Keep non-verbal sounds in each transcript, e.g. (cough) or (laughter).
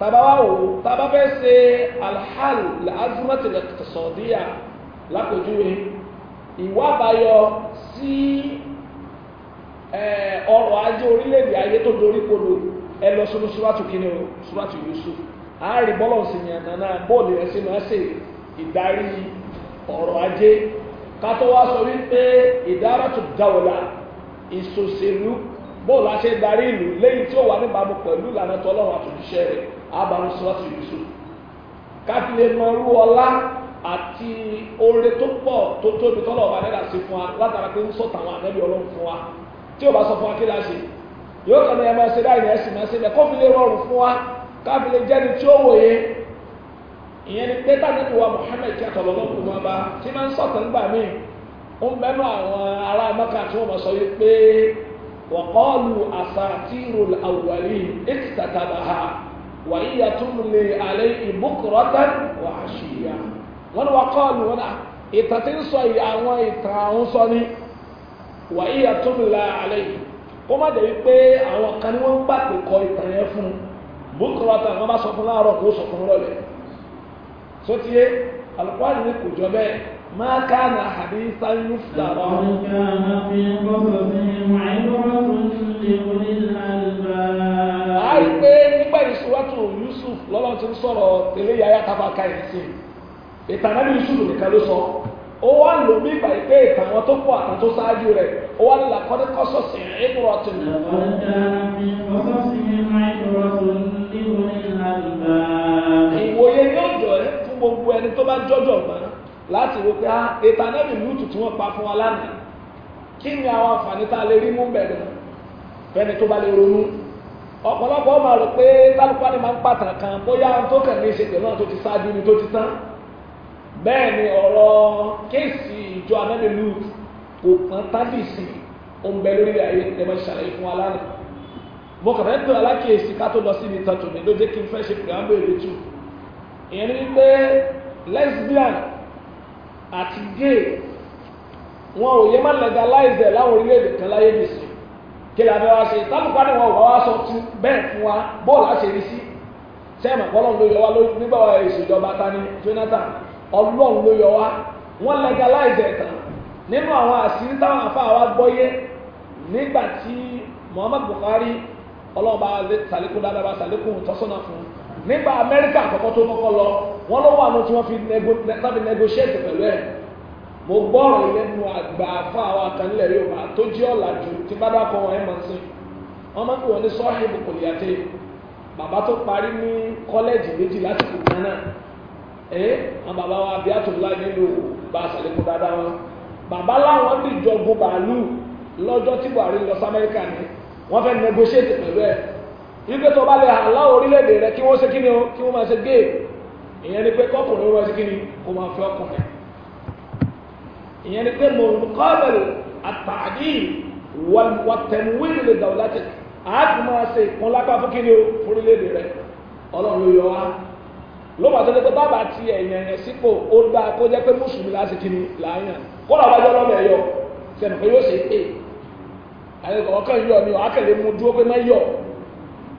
tabawawo wà wò tàbá fẹ́ ṣe la azumati lẹ́tọ̀sọ̀díyà lápèjúwe ìwà àbáyọ sí ọrọ̀ ajé orílẹ̀-èdè ayé tó dorí kodò ẹ lọ sínú o Yusuf àárín bọ́lọ̀ sí yàn nànà sínú ìdarí ọrọ̀ ajé kátó wá sọ wípé ìdáratu dáwọ̀lá ìsòsèlú bóòlù àṣẹ darí ìlú lẹ́yìn tí ó wà níbàámu pẹ̀lú ìlànà àbámu sọ́ọ̀tì yusuf káàkiri lè mọ irú ọlá àti oore tó pọ̀ tó tóbi tọ́lọ̀ ọba dẹ́dà sí fún wa látara pé ń sọ̀tà àwọn ọlọ́run fún wa tí bá sọ fún wa kí la ṣe yóò kàn ní ẹ máa ṣe dáì ní máa ṣe lè rọrùn fún wa káfí lè jẹ́ni tí ó wòye ìyẹn ni wa Muhammad kẹtọ lọ́lọ́kùn máa bá tí máa ń sọ̀tàn ń bẹ́nu àwọn ará mẹ́ka tí wọ́n máa sọ yìí pé wọ́n kọ́ lu ha. wà ní ìyàtúmù lè alẹ́ ìmúkúrọ́tàn wà á ṣì yá wọ́n ní wà kọ́ọ̀lù wọn náà ìtàn tí ń sọ yìí àwọn ìtàn àwọn sọ ni wà ní lè alẹ́ yìí kó má dẹ̀ wípé àwọn kan ní wọ́n gbà pé kọ ìtàn yẹn fún ìmúkúrọ́tàn wọ́n bá sọ fún láàárọ̀ kó sọ fún rọ̀lẹ́ sótìyé alùpàdé ní kò jọ bẹ́ẹ̀ ما كان حديثا يفترى كان في قصصهم عبرة لأولي الألباب a rí pé nígbà ìṣúwàtò Yusuf lọ́lọ́run ti ń يوسف tẹ́lẹ̀ yáyá tábà ká ẹ̀ sí ìtàn àbí Yusuf nìkan ló sọ ó wá lò mí ìgbà yìí pé tó pọ̀ àtàn tó ṣáájú rẹ̀ ó wá lè làkọ́dé kọ́sọ̀sì ìbúrọ̀ tì ìwòye yóò jọ ẹ́ fún gbogbo ẹni tó bá jọ́jọ́ gbọ́n láti wò pé ah, ètò anábì lútù tí wọ́n pa fún wa lánàá kí ni àwọn àǹfààní tá a lè rí mú bẹ̀rẹ̀ fẹ́ni tó bá lè ronú ọ̀pọ̀lọpọ̀ ọmọ rẹ̀ pé tálùpá ni máa ń pàtàkì kan bóyá tó kàn ní í ṣe pẹ̀lú àwọn tó ti ṣáájú ni tó ti tán bẹ́ẹ̀ ni ọ̀rọ̀ kéèsì ìjọ anábì lútù kò kàn tábìsì òun bẹ lórí ayé ẹ̀ máa ṣàlàyé fún wa lánàá mo kàn fẹ́ pé alákèésí ká tó lọ sí ibi ìtàn tòmí ló jẹ́ kí n fẹ́ ṣe pè á bèrè tù ìyẹn ni pé lesbian àti gay wọn ò yẹ má legalize ẹ̀ láwọn orílẹ̀-èdè kan láyé nìsí kí ni wa ṣe tálùkù na wọn ò bá wa sọ tún bẹ́ẹ̀ fún wa bọ́ọ̀lù àṣírí sí sẹ́yìn àpọ́lọ́ ló yọ wá nígbà ìṣèjọba Jonathan Ọlọ́run ló yọ wá legalize tán nínú àwọn àṣírí táwọn wa nígbà tí Muhammadu Buhari dáadáa tọ́sọ́nà fún nígbà amẹ́ríkà àkọ́kọ́ tó kọ́kọ́ lọ wọ́n ló wà ní tí wọ́n fi negotiate pẹ̀lú ẹ̀ mo gbọ́ ọ̀rọ̀ lẹ́nu àgbà afọ àwọn àtàlẹ́ yorùbá tó jẹ́ ọ̀làjú tí bá dákọ̀ wọn ẹ̀ máa ń sìn wọ́n máa ń pè wọ́n ní sọ́ọ̀hìn kòlíyàtì bàbá tó parí ní kọ́lẹ́jì méjì lásìkò kan náà ẹ̀ àwọn bàbá wa bí àtúndà nílò bá a sàlékún dáadáa wọn bàbá láwọn dìjọ gun bàálù lọ́jọ́ tí buhari lọ sí amẹ́ríkà ni wọ́n fẹ́ negotiate pẹ̀lú ẹ̀ wípé tó bá lè hàn láwọn orílẹ̀-èdè rẹ kí wọ́n ṣe kí ni o kí wọ́n máa ṣe géè ìyẹn ni pé kọ́kùnrin wọ́n ṣe kí ni kó máa fi ọkùnrin ìyẹn ni pé mọ̀nkọ́bẹ̀lì àtàdí wọ̀tẹ̀mùwìlì lè dàwọ̀ láti àti máa ṣe ìpọn lápá fún kí ni o orílẹ̀-èdè rẹ ọlọ́run ló yọ wá ló bàtọ́ lé pé bàbá ti ẹ̀yàn yẹn sípò ó dáa kó jẹ́ pé mùsùlùmí láti kí ni láàyàn kó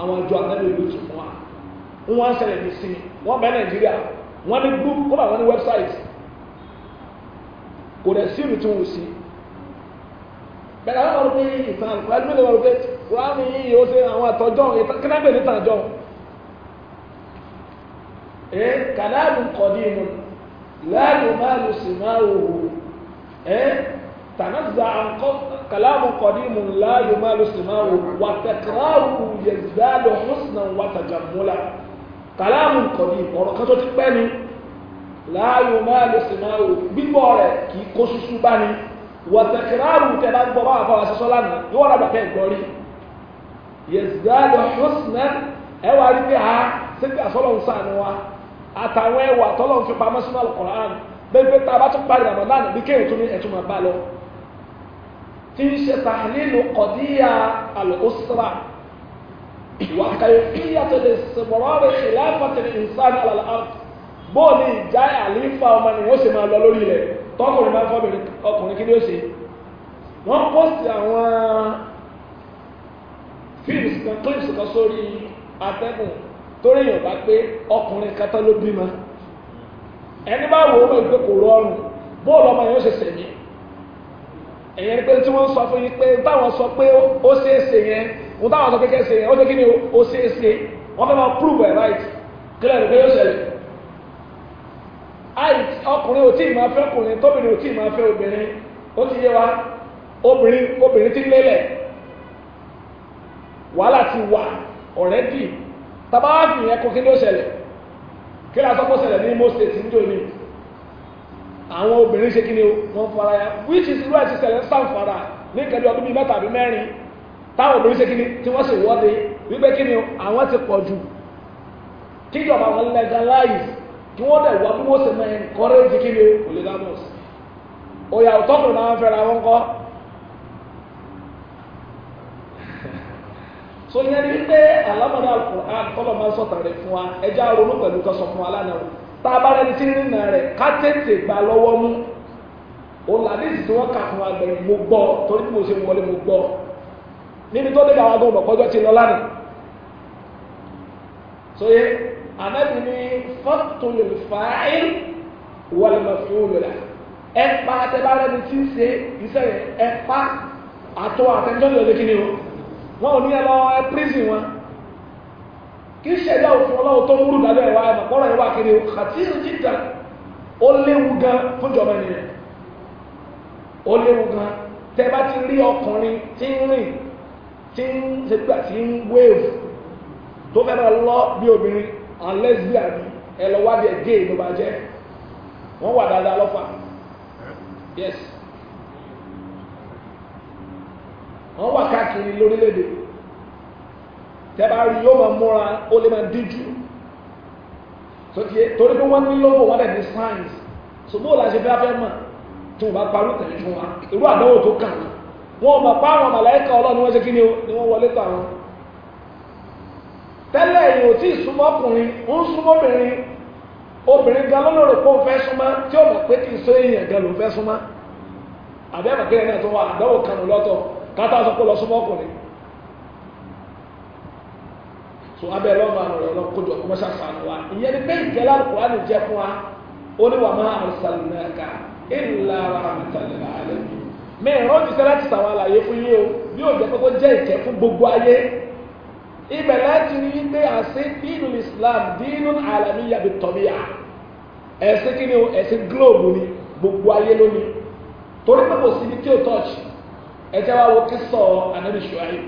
àwọn àjọ àtẹ́lẹ̀ ìlú ti fún wa wọ́n ṣẹlẹ̀ ní sinmi wọ́n bẹ nàìjíríà wọ́n ní group wọ́n bá wọ́n ní website kò dẹ̀ sí tí wọ́n sí bẹ̀rẹ̀ àwọn pé ìtàn pé ó ṣe àwọn àtọ́jọ́ kínágbè ní kọ̀dí inú kàlámù kọ̀dímù láàyò máa lọ sùmáwò wàtẹ̀kìráàrù yẹ̀zdáàlù húsnan wàtàjàmúlà kàlámù kọ̀dímù ọ̀rọ̀ kan tó ti pẹ́ ni láàyò máa lọ sùmáwò gbígbọ́ rẹ̀ kì í kó ṣuṣu bá ni wàtẹ̀kìráàrù tẹ bá gbọ́ báwa fáwọn aṣọ lánàá yóò wọ́n rábà bẹ́ẹ̀ gbọ́rí yẹ̀zdáàlù húsnan ẹ wá rí pé ha sẹ́kì àsọ́lọ́hún sànù wa àtàwọn ẹwà tọ́lọ́hún fi pamọ́ sínú àlùkò tí ń ṣe tàhílìlù kọ̀díyà alùsùrà wà kàyọ̀fíyà tó lè sọ̀rọ̀ ìlàfàtìlì ìsáni alàlárù bóòlì ìjà àlífà ọmọ ni wọ́n sì máa lọ lórí rẹ̀ tọkùnrin máa fọ́bìnrin ọkùnrin kí ni ó ṣe wọ́n pọ́sì àwọn fíìmù kan clips kan sórí atẹ́gùn torí èèyàn bá pé ọkùnrin kátá ló bímọ ẹni bá wò ó mọ̀ ìgbé kò rọrùn bóòlù ọmọ yẹn ó ṣe sẹ̀mí ẹ̀yẹn pé tí wọ́n sọ fún yín pé báwọn sọ pé ó ṣeé ṣe yẹn wọ́n táwọn sọ kékeré ṣe yẹn ó ṣe kí ni ó ṣeé ṣe wọ́n fẹ́ máa prove ẹ̀ right kílẹ̀ rẹ̀ pé yóò ṣẹlẹ̀ àìt ọkùnrin ò tí ì máa fẹ́ ọkùnrin tóbìnrin ò tí ì máa fẹ́ obìnrin ó ti yé wa obìnrin obìnrin ti lélẹ̀ wàhálà ti wà already tàbá wà fìyẹn kó kí ni ó ṣẹlẹ̀ kí ni a sọ pé ó ṣẹlẹ̀ ní Imo State níjọ́ yìí àwọn obìnrin ṣe kí ni wọ́n fara ya which is right to sẹ̀lẹ̀ sàǹfàrà ní kẹ́lẹ́ ọdún bíi mẹ́ta àbí mẹ́rin táwọn obìnrin ṣe kí ni tí wọ́n sì wọ́de wípé kí ni àwọn ti pọ̀ jù kíjọba wọn legalize kí wọ́n dẹ̀ bí wọ́n sì máa (laughs) so yẹn ni alámọ̀dá máa ń sọ̀tàn rẹ̀ fún wa pẹ̀lú tá a bá rẹni tí ń rìnà rẹ̀ ká tètè gbà lọ́wọ́ mú òun làdísì tí wọ́n kà fún wa gbẹ̀rù mo gbọ́ torí bí mo ṣe wọlé mo gbọ́ níbi tó débi àwọn agbóhùn ọ̀pọ̀jọ́ ti lọ lánàá sóye ànábì ní fọ́tòlù fàáìl wọlùmọ̀fúnlù rẹ̀ ẹ pa àtẹ̀bárẹ́ni tí ń ṣe iṣẹ́ yẹn ẹ pa àtọ́ àtẹ̀ńtọ́lù ọ̀dẹ́kìnrin wọn ò ní ẹ lọ ẹ pírísì wọn kì í ṣẹ̀dá òfin ọlọ́run tó múrù dájọ́ ìwà ẹ̀mọ̀ pọ́nrọ̀ ìwà kiri kàtíyàn jíjà ó léwu gan fún ìjọba ènìyàn ó léwu gan tẹ́ bá ti rí ọkùnrin tí ń rìn tí ń ṣègbà tí ń wéèvù tó fẹ́ máa lọ bí obìnrin àwọn lesbian ni ẹ ló bá jẹ́ wọ́n wà dáadáa lọ́fà yes wọ́n wà káàkiri lórílẹ̀-èdè tẹ́bá rí yóò máa múra ó lè máa díjú torí pé wọ́n ní lọ́wọ́ wọ́n dẹ̀ ní science so bó la ṣe fẹ́ fẹ́ mọ̀ tó bá parí tẹ̀lé fún wa irú àdánwò tó kàn án wọn mọ̀ pa àwọn màláìka ọlọ́run wọ́n ṣe kí ni wọ́n wọlé tọ̀ àwọn tẹ́lẹ̀ yìí ò tí ì súnmọ́ ọkùnrin ń súnmọ́ obìnrin obìnrin gan lọ́lọ́rọ̀ pé òun fẹ́ súnmọ́ tí ó mọ̀ pé kì í sọ èèyàn gan ló fẹ́ súnmọ́ àbí àmọ̀kẹ́rẹ́ náà tó wà àdánwò kan lọ́tọ̀ kátà sọ pé lọ súnmọ́ ọkùnrin so abẹ́ lọ́nà àná rẹ̀ lọ́n kójú ọkọ̀ mọ́ṣá sànù wa ìyẹn ní pé ìjẹ́lá kura ni jẹ́ fún wa ó ní wà má arsalnaka illa rahmatan lil alamin mẹ́rin ó ti sẹ́ láti sàwọn àlàyé fún yín o bí ó jẹ́ pé kó jẹ́ fún gbogbo ayé ibẹ̀ láti rí pé àṣẹ dínú Islam dínú alamiya bi tabi'a ẹ̀sìn kí o ẹ̀sìn gílóòbù ni gbogbo ayé lónìí torí pé kò síbi tí ó tọ́ọ̀ṣì ẹ̀jẹ̀ wa wo kí sọ ànábì Ṣuaib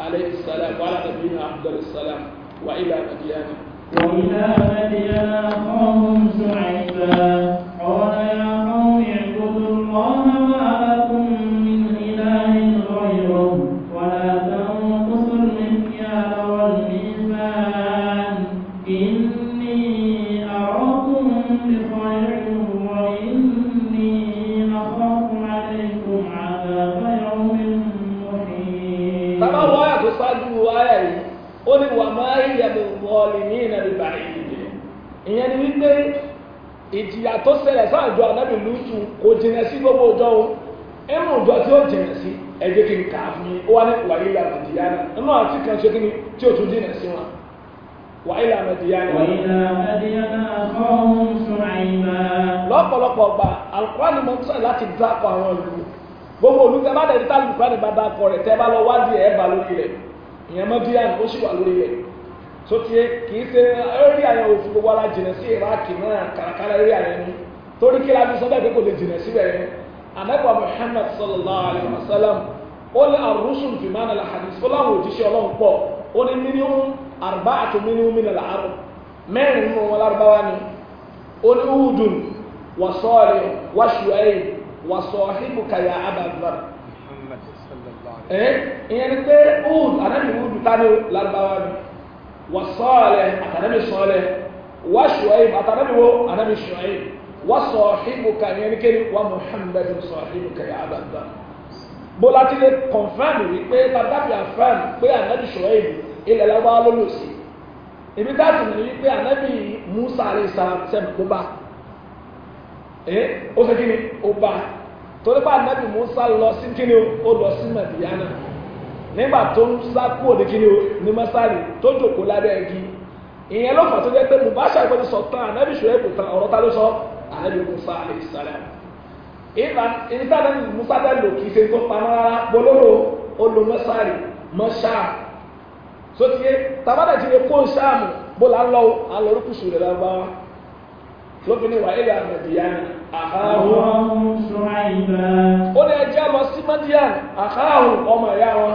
عليه السلام وعلى نبينا أفضل السلام وإلى مديان وإلى مديان قوم شعيبا قال يا قوم اعبدوا الله zọ́ọ̀lìmí ìnàdìbà ìdè ìyẹn ni wípé ìjìyà tó ṣẹlẹ̀ sáàjọ ànábì lùtù kò jìnà sí gbogbo ọjọ́ o ẹnu ọjọ́ tí ó jìnà sí ẹjẹ́ kí n kà á fún yín ó wá ní wàhálà mẹ̀díyánà ẹnu àti kan ṣe kí ni tí ó tún jìnà sí wọn wàhálà mẹ̀díyánà. lọ́pọ̀lọpọ̀ ọgbà alukóhánì mọ̀ sọ̀rọ̀ láti dákọ̀ àwọn ìlú gbogbo olùkọ́ bá dẹ̀ dí tálùkù bá dẹ̀ bá dákọ̀ rẹ̀ tẹ́ bá lọ wádìí ẹ̀ bá lórí rẹ̀ so tiẹ e, kì í ṣe eré àyẹn òfin gbogbo ara jìnà sí iraki náà kàràkàrà eré àyẹn ni torí kí láti sọ bẹ́ẹ̀ pé kò lè jìnà síbẹ̀ yẹn anabi muhammad sallallahu alayhi wa sallam ó ní arúsùn fìmánà lahadis ó láwọn òjíṣẹ́ ọlọ́run pọ̀ ó ní mínímù àrùbá àti mínímù mínà làárọ̀ mẹ́rin nínú wọn lárúbáwá ni ó ní udun wà sọ́ọ̀rì wà ṣùẹ́yìn wà sọ̀hìbù kàyà abàbàbà ẹ̀ ìyẹn ni pé ud anabi udu tani lárúbáwá ni wasọ́ọ̀lẹ̀ àtànẹ́bì sọ́ọ̀lẹ̀ wáṣùwẹ́yìn àtànẹ́bì wo ànẹ́bì ṣùwẹ́yìn wasọ̀ọ̀hìbùkà ní ẹnikẹ́ni wa Muhammad sọ̀ọ̀hìbùkà yà àbàbà bó láti lè confirm wípé lábàbí àfẹ́m pé ànẹ́bì ṣùwẹ́yìn ilẹ̀ lábá lólò sí ibi táàtì ní wípé ànẹ́bì Musa àlẹ́sà sẹ́mi ló bá ẹ ó ṣe kí ni ó bá Musa lọ sí kí ni ó lọ sí nígbà tó ń sá kúrò ní kíni o ní mọ́sálì tó jòkó lábẹ́ igi ìyẹn ló fà tó jẹ́ pé mubasha ìpè ti sọ tán ànábì ṣùgbọ́n èkó tán ọ̀rọ̀ ta ló sọ ànábì musa alayhi salam ìlà ìtàdé musa dá lò kìí ṣe tó pamọ́ rárá bolóró olo mọ́sálì mọ́ṣá sotie tabadà ti lè kó sáàmù bó la lọ alọ́rùkùsù rẹ̀ lábáwá lófin ni wàhálà àmàdìyàn àhàhùn ó ní ẹjẹ́ lọ sí madian ọmọ ìyá wọn.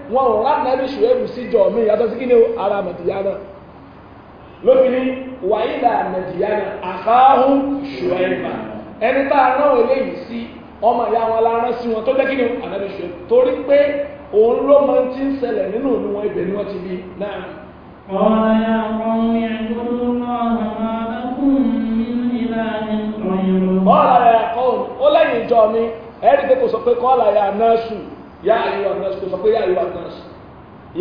wọn ò rá nàbí ṣùgbọ́n sí jọ mi yàtọ̀ sí kí ara màdìyànà lóbìnrin wàhílà màdìyànà àfáhùn ṣùgbọ́n ẹni tá a rán eléyìí sí ọmọ ìyá wọn la sí wọn tó jẹ́ kí ni ànábì ṣùgbọ́n torí pé òun ló mọ ti ń ṣẹlẹ̀ nínú ìlú wọn ibẹ̀ ni wọ́n ti bí náà. ọ̀rọ̀ ya ọ̀rọ̀ ya gbọ́dọ̀ náà máa bá kún mi nílá ní ọ̀yọ́. yá àríwá náà kò sọ pé yá àríwá náà sọ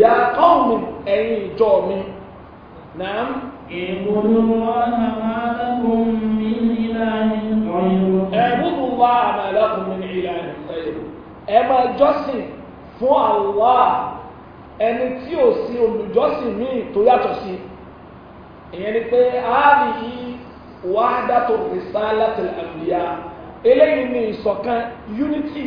yá kọ́ọ̀mù ẹ̀yìn ìjọ mi náà. اعبدوا الله ما لكم من إله غيره اعبدوا الله ما لكم من إله غيره ẹ máa jọ́sìn fún Allah ẹni tí ò sí olùjọ́sìn míì tó yàtọ̀ sí ìyẹn ni pé ààbì wàhádà tó rìsálà tẹ̀lé àbíyá eléyìí ni ìṣọ̀kan unity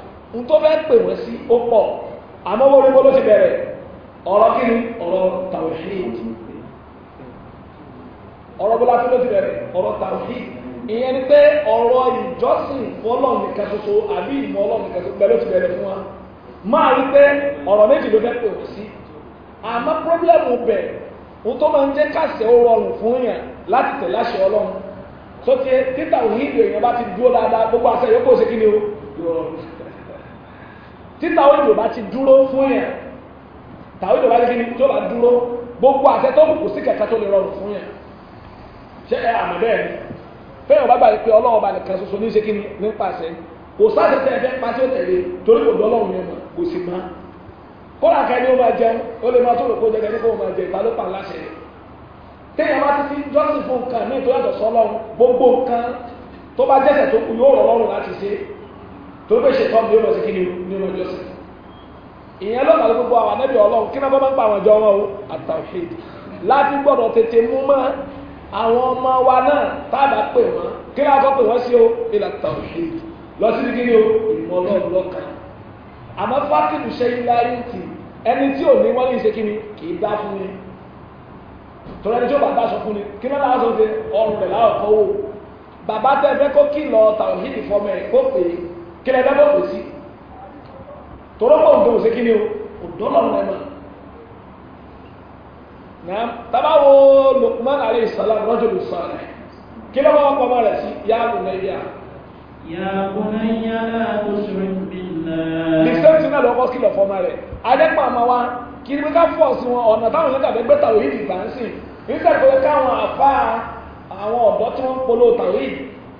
ntọ́ fẹ́ pè wọ́n sí ó pọ̀ àmọ́ wọ́n ló ti bẹ̀rẹ̀ ọ̀rọ̀ kí ni ọ̀rọ̀ tawhid ọ̀rọ̀ bọ́lá tí ló ti bẹ̀rẹ̀ ọ̀rọ̀ tawhid ìyẹn ni pé ọ̀rọ̀ ìjọsìn fọlọ́ọ̀ nìkan ṣoṣo àbí ìmọ̀ ọlọ́ọ̀ nìkan ṣoṣo bẹ́ẹ̀ ló ti bẹ̀rẹ̀ fún wa máa rí pé ọ̀rọ̀ méjì ló fẹ́ pè wọ́n sí àmọ́ pírọ́blẹ́mù bẹ̀ ohun tó máa ń jẹ́ kàṣẹ ó rọrùn títà òhìn èèyàn bá ti dúró dáadáa gbogbo àṣẹ yòókù ṣe kí ni o ìrọ̀rùn tí tàwídì ò bá ti dúró fún yẹn tàwídì ò bá ti kí ni tó bá dúró gbogbo àṣẹ tó kù kò sí kẹta tó lè rọrùn fún yẹn ṣé ẹ àmì bẹ́ẹ̀ ni fẹ́yìn ọba gbàgbé pé ọlọ́run ọba nìkan ṣoṣo ní ṣe kí ni nípasẹ̀ kò sáà tẹ ẹgbẹ́ pàṣẹ tẹ̀lé torí kò dọ́lọ́run yẹn mọ̀ kò sì má kóra kẹ́ni ó máa jẹun ó lè máa tó rò pé jẹ kẹ́ni kó o máa jẹ ìta ló pa láṣẹ téèyàn bá ti fi jọ́sìn fún nǹkan ní ìtòyàtọ̀ sọ́lọ́run gbogbo nǹkan tó bá jẹ́sẹ̀ tó kù yóò rọ̀ lọ́rùn láti ṣe tó bẹ́ ṣe fọ́ọ̀mù yóò lọ sí kí ni nínú ọjọ́ sí ìyẹn lọ́nà ló gbogbo àwọn anábì ọlọ́run kí náà bá máa ń pa àwọn ìjọ wọn o àtàwíd láti gbọ́dọ̀ tètè mú mọ́ àwọn ọmọ wa náà tábà pè wọ́n kí náà kọ́ wọ́n sí o ìlà àtàwíd lọ sí kí ni o ìmọ̀ ọlọ́run lọ́kàn àmọ́ fákìlù ṣẹ́yìn láyé tì ẹni tí ò ní wọ́n ní ìṣe kí ni kì í dá fún mi tọ́lá ẹni tí ó bá dáṣọ fún ni kí lọ́la aṣọ ṣe ọrùn bàbá tẹ́ fẹ́ kó kìlọ̀ tàwíìdì fọmọ ẹ̀ kó pè é kí lẹ́ẹ̀dá bọ́ pèsè torọ́pọ̀ òǹdó òsè kí ni òǹdó lọ́nà ẹ̀mà náà tabawo Luqman alayhi salam rajul salih kí lọ́wọ́ wọn pọ̀mọ́ rẹ̀ sí ya bunayya ya bunayya la tushrik billah the same thing náà lọ́kọ́ kìlọ̀ fọ́mọ́ rẹ̀ adẹ́pọ̀ àmọ́ wa kí ni ká fọ́ sí wọn ọ̀nà táwọn yẹn tàbí àwọn ọ̀dọ́ tí wọ́n polówó tàwí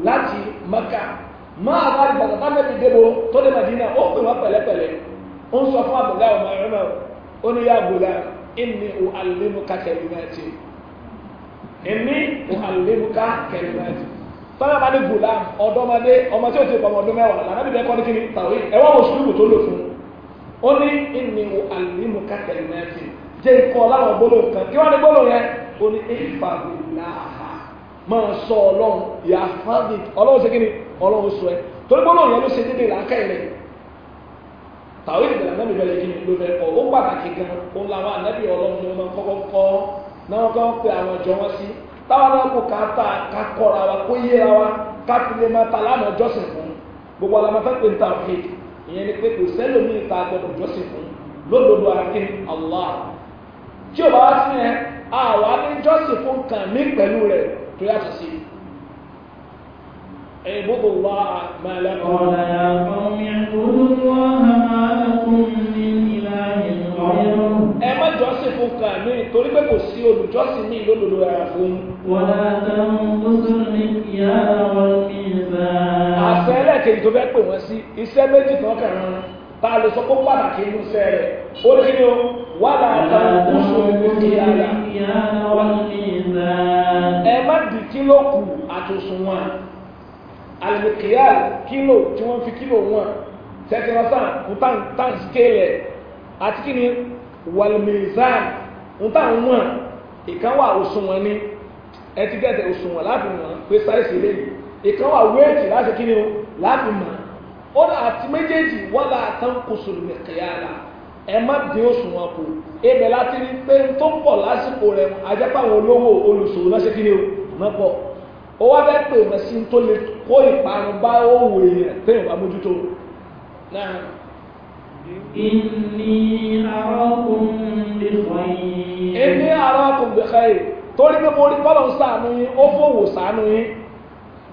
láti maka máa bá ìgbàgbọ́ta mẹ́rin débo tó dé madina ó pè wọ́n pẹ̀lẹ́pẹ̀lẹ́ ó ń sọ fún àbúlá ọmọ ẹ̀rọ ó ní yá àbúlá inni ò àlùmíkà kẹlìmẹ́tì inni ò àlùmíkà kẹlìmẹ́tì tọ́lá bá ní gbòlá ọ̀dọ́mọdé ọmọ tí o ti pọ̀mọ̀ ọdún mẹ́wàá lànà bíbẹ̀ kọ́ ní kíni tàwé ẹ̀wọ́n mùsùlùmù tó lò fún ó ní inni ò àlùmíkà ikọ̀ láwọn gbólóhùn kan kí wọ́n ní máa sọ ọlọ́run yà fáàdì ọlọ́run ṣe kíni ọlọ́run sọ ẹ torí gbọ́dọ̀ yẹn ló ṣe làákà ẹ̀rẹ́ gan làwọn ànábì ọlọ́run ni wọ́n máa kọ́kọ́ kọ́ náà kọ́ pé àwọn ọjọ́ wọn sí táwọn náà kò wa kó yé ra wa ká gbogbo fẹ́ pé ìyẹn ni pé kò sẹ́lómi gbọdọ̀ fún o bá wá sí tó yàtọ̀ sí اعبدوا الله ما لكم قال يا قوم اعبدوا الله ما لكم من إله غيره ẹ má jọ́sìn fún kan mi torí pé kò sí olùjọ́sìn ní ìlódodo ara fún. ولا تنقصوا المكيال والميزان. àṣẹ ẹlẹ́kejì tó fẹ́ pè wọ́n sí iṣẹ́ méjì kan kàn án a lè sọ pé pàtàkì inú iṣẹ́ rẹ̀ ó ní kí ni o wàhálà àtàkùn kùsùn ìmìkìyàlà. wàhálà àtàkùn kùsùn ìmìkìyàlà ẹ má kílò kù àtòsùnwọ̀n alìkìyà kílò tí wọ́n fi kílò wọn tẹ́tìrọ́sàn kùtàn tàn skéèlẹ̀ àti kí ni wàlùmíìsàn kùtàn wọn ìkan wà òsùnwọ̀n ni ẹ ti gẹ̀ẹ́tẹ̀ òsùnwọ̀n láti mọ̀ pé sáìsì lè ìkan wà wéètì láti kí ni láti mọ̀ ó dà àti méjèèjì wọ́n là tán kùsùn nìkìyà là ẹ má dín òsùnwọ̀n kù ebẹ̀ láti rí pé tó pọ̀ lásìkò rẹ̀ ajẹ́pàwọn olówó olùsòwò lọ́sẹ̀kí ni o mẹ́pọ̀ ó wá bẹ́ẹ̀ pè sí tó lè kó ìparun bá òwò èèyàn téèyàn bá mójútó náà. Inni arákùn bí khair. Inni arákùn bí khair. Torí pé mo rí bọ́lọ̀ sànú yín, ó fòwò sànú yín.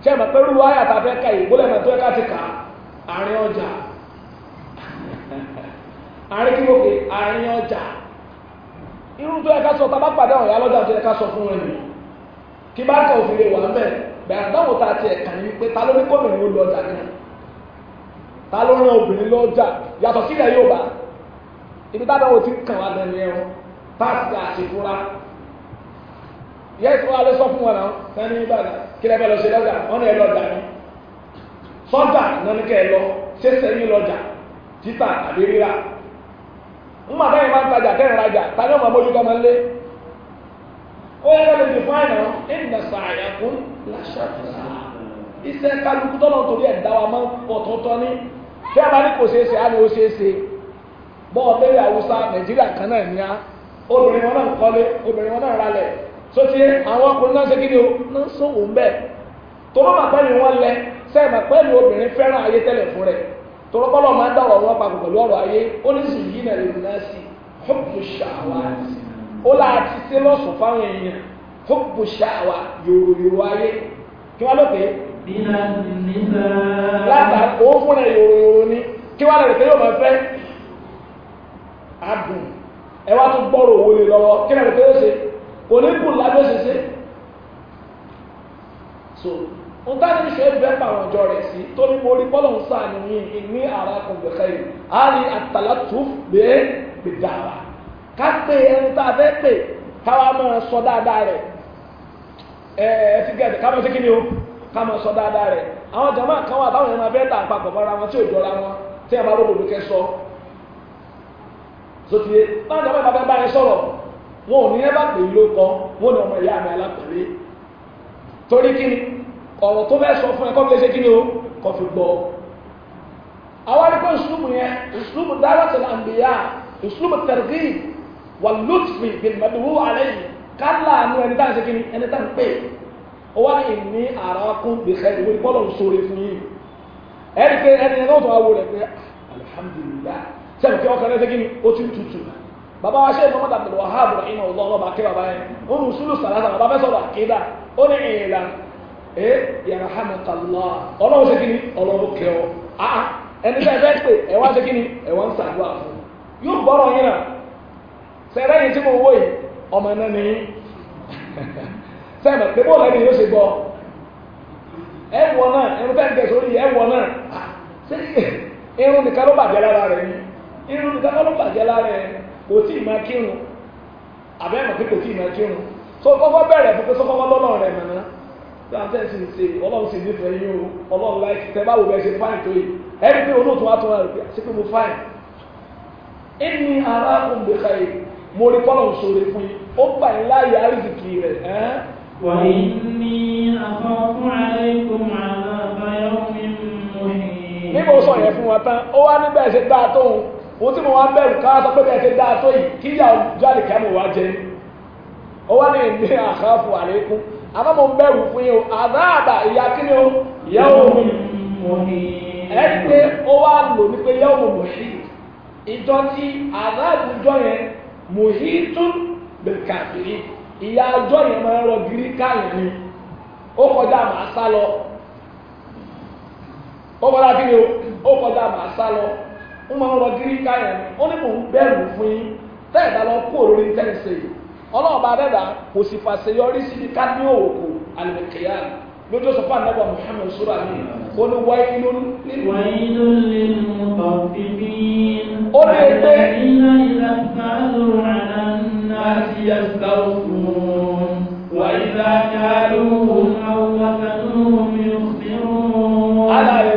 Ṣé fẹ́ ka tó ẹ̀ka ti kà á? Àárín ọjà. (laughs) Àárín kí wọ́n pè àárín sọ, pàdé ọ̀yà lọ́jà tó sọ fún ẹ̀yìn. tí bá kà òfin wà ń bẹ̀rẹ̀ àdáwò tá a ti ni ta ló ní kọ́mìnì ó ọjà ta ló obìnrin lọ ọjà yàtọ̀ yóò bá ibi tábàwò ti kàn wá lẹ́nu ẹ̀rọ páàsì àṣefúnra yẹ sọ fún wọn náà kí lọ ṣe nani ẹ lọ títà àbí rírà ń yìí máa ń tajà ọmọ ó yẹ kẹ́lẹ́ ti fáìn náà ìgbàsà àyàkún làṣàkóso iṣẹ́ kálukú tọ́lọ̀ torí ẹ̀ dá wa máa ń pọ̀ tọ́tọ́ ní tí a bá ní kò ṣeé ṣe á ní ó ṣeé ṣe bọ́ọ̀ bẹ́ẹ̀ Haúsá Nàìjíríà kan náà ní á obìnrin wọn náà kọ́lé obìnrin wọn náà ralẹ̀ tó ti àwọn ọkùnrin náà ṣe kí ni o náà sọ̀wọ́ ń bẹ̀ tọ́lọ́ màpẹ́ ni wọ́n lẹ sẹ́yìn màpẹ́ ni obìnrin fẹ́ràn ayé tẹ́lẹ̀ fún rẹ̀ tọ́lọ́ bọ́lọ̀ máa ń dá ọ̀rọ̀ wọn papọ̀ pẹ̀lú ọ̀rọ̀ ayé ó ní sì yí nàìjíríà sí ọ̀pọ̀ ṣàwárí ó láà ti sí lọ́sùn fáwọn èèyàn tó bù ṣáàwà yòrò yòrò ayé kí wọ́n lópe. látà ó fúnra yòrò yòrò ni kí wọ́n lè tẹ́lẹ̀ máa fẹ́ adùn ẹ wá tún gbọ́rọ̀ owó lè lọ́wọ́ kí lè tẹ́lẹ̀ ṣe kò ní kù lábẹ́ ṣe ṣe. so n ta ni ṣe bẹ́ẹ̀ pa àwọn ọjọ́ rẹ̀ sí tó ní mo rí bọ́lọ̀ ń sàánú yìí ní ara kùnbẹ̀kẹ́ yìí a rí àtàlátù bẹ́ẹ̀ gbẹ̀dàrà. ka pé ẹni tá a káwa sọ dáadáa rẹ ẹ ẹ ti gẹ̀ẹ́dẹ̀ ká máa ṣe o sọ dáadáa rẹ àwọn jàmbá kan wà yẹn máa wọn tí ò jọra wọn tí ẹ bá rògbò ló sọ sotie táwọn bá wọn ò ní ẹ bá pè é ló kọ wọn ọmọ ìyá mi alápẹ̀lẹ́ torí ọ̀rọ̀ tó fẹ́ sọ fún ẹ kọ́ fi ṣe wà lótìfì bìnnìmọ̀dúnwó àlẹ́yìn kálá àánú ẹni tá à ń ṣe kíni ẹni tá à ń pè ó wá ní ní àràkún gbèsè ìwé bọ́lọ̀ ń sọ̀rọ̀ fún yìí ẹni pé ẹni ẹni náà tó wá wò rẹ̀ pé ah, alhamdulillah sẹ́yìn kí ọkàn ẹni ṣe kíni ó ti ń tutù bàbá wa ṣe ìmọ̀ mọ́ta tẹ̀lé wàhálà bùrọ̀ ìmọ̀ ọ̀dọ́ ọlọ́ba kí bàbá yẹn ó ní sùúrù sàlásà bàbá fẹ́ sọ̀rọ̀ àkídà ó ní ìlà ẹ yàrá hàmùtàlá ọlọ́run ṣe kíni ọlọ́run kẹ́ ọ ẹni bẹ́ẹ̀ bẹ́ẹ̀ pé ẹ wá ṣe kíni ẹ wá ń sàdúrà fún yóò gbọ́rọ̀ yín náà sẹ́rẹ́ yìí tí mo wó yìí ọmọ náà ní sẹ́mọ̀ pé bóòlù ẹni yóò ṣe gbọ́ ẹ̀wọ̀ náà ẹ̀rù tẹ́ ń tẹ̀ sórí ẹ̀wọ̀ náà irun nìkan ló bàjẹ́ lára rẹ̀ ni irun nìkan ló bàjẹ́ lára rẹ̀ kò tí ì máa kírun àbẹ́mọ̀ pé kò tí ì máa kírun so kọ́kọ́ bẹ̀rẹ̀ fún pé sọ́kọ́kọ́ lọ́lọ́run rẹ̀ mọ̀nà tí wọ́n tẹ̀ sí ṣe ọlọ́run sì nífẹ̀ẹ́ yín o ọlọ́run láì tẹ́ báwo bẹ́ẹ̀ ṣe fáìn tó yìí ẹni pé olóòtú wa tún wà rẹ̀ sí pé mo fáìn. ẹni arákùnrin bẹ̀ka yìí mo rí kọ́nà òṣòro fún yín ó gbà yín láàyè àrísìkì rẹ̀. wà á ní àkọ́kọ́ àlékún àbáyọ mi mú sọ yẹn fún wa tán ó wá níbẹ̀ ṣe dáa tó òun òun tí mo wá ń bẹ̀rù ká sọ pé bẹ́ẹ̀ ṣe dáa tó yìí kí ìyá jáde kí á mọ̀ wá jẹ ó wá ní ìní àkọ́kọ́ àlékún àmọ́ mo ń bẹ̀rù fún yín o àdáàbà ìyá kí ni o ìyá òun ẹ pé ó wá lò ní pé ìyá mọ̀ sí ìjọ tí àdáàbùjọ yẹn muhitun bẹ̀kàfìrí ìyá ajọ́ yẹn máa ń rọ gírí káyọ̀ ni ó kọjá màá sá lọ ó kọjá kí ni ó kọjá màá sá lọ ó máa ń rọ gírí káyọ̀ ni ó ní mò ń bẹ̀rù fún yín tẹ́ẹ̀ bá lọ kú òróró ní tẹ́lẹ̀ sèyí ọlọ́ọ̀bá dẹ́dà kò sì fàṣeyọrí síbi ká ní òwò kò àlùkìyà rẹ̀ lójú sọ fún anábà Muhammad sura ni ó ní wáyé lónú nínú. wáyé lónú nínú ọ̀fìfì. ó lè gbé. iná ìlà sáré àná náà ti yà wáyé bá kálù àwọn akẹ́kọ̀ọ́ mi ò sí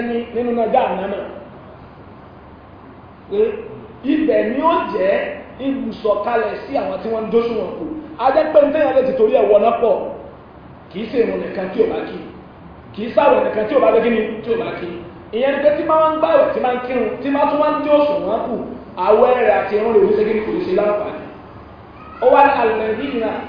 yẹn ní nínú náà já pé ibẹ̀ ni ó jẹ́ ibùsọ̀kalẹ̀ sí àwọn tí wọ́n ń dóṣù wọn kù ajẹ́pẹ́ ní tẹ́yàn lè torí ẹ̀wọ̀ náà pọ̀ kìí ṣe ìrun nìkan tí ò bá kí kìí sáwọ̀ nìkan tí ò bá lé kí ni tí ò bá kí ìyẹn ni tí máa ń gbàwẹ̀ tí máa ń kírun tí máa tún máa ń dóṣù wọn kù àwọ̀ ẹ̀rẹ̀ àti ìrun lè wíṣẹ́ kí kò ṣe láǹfààní ó wá ní alẹ́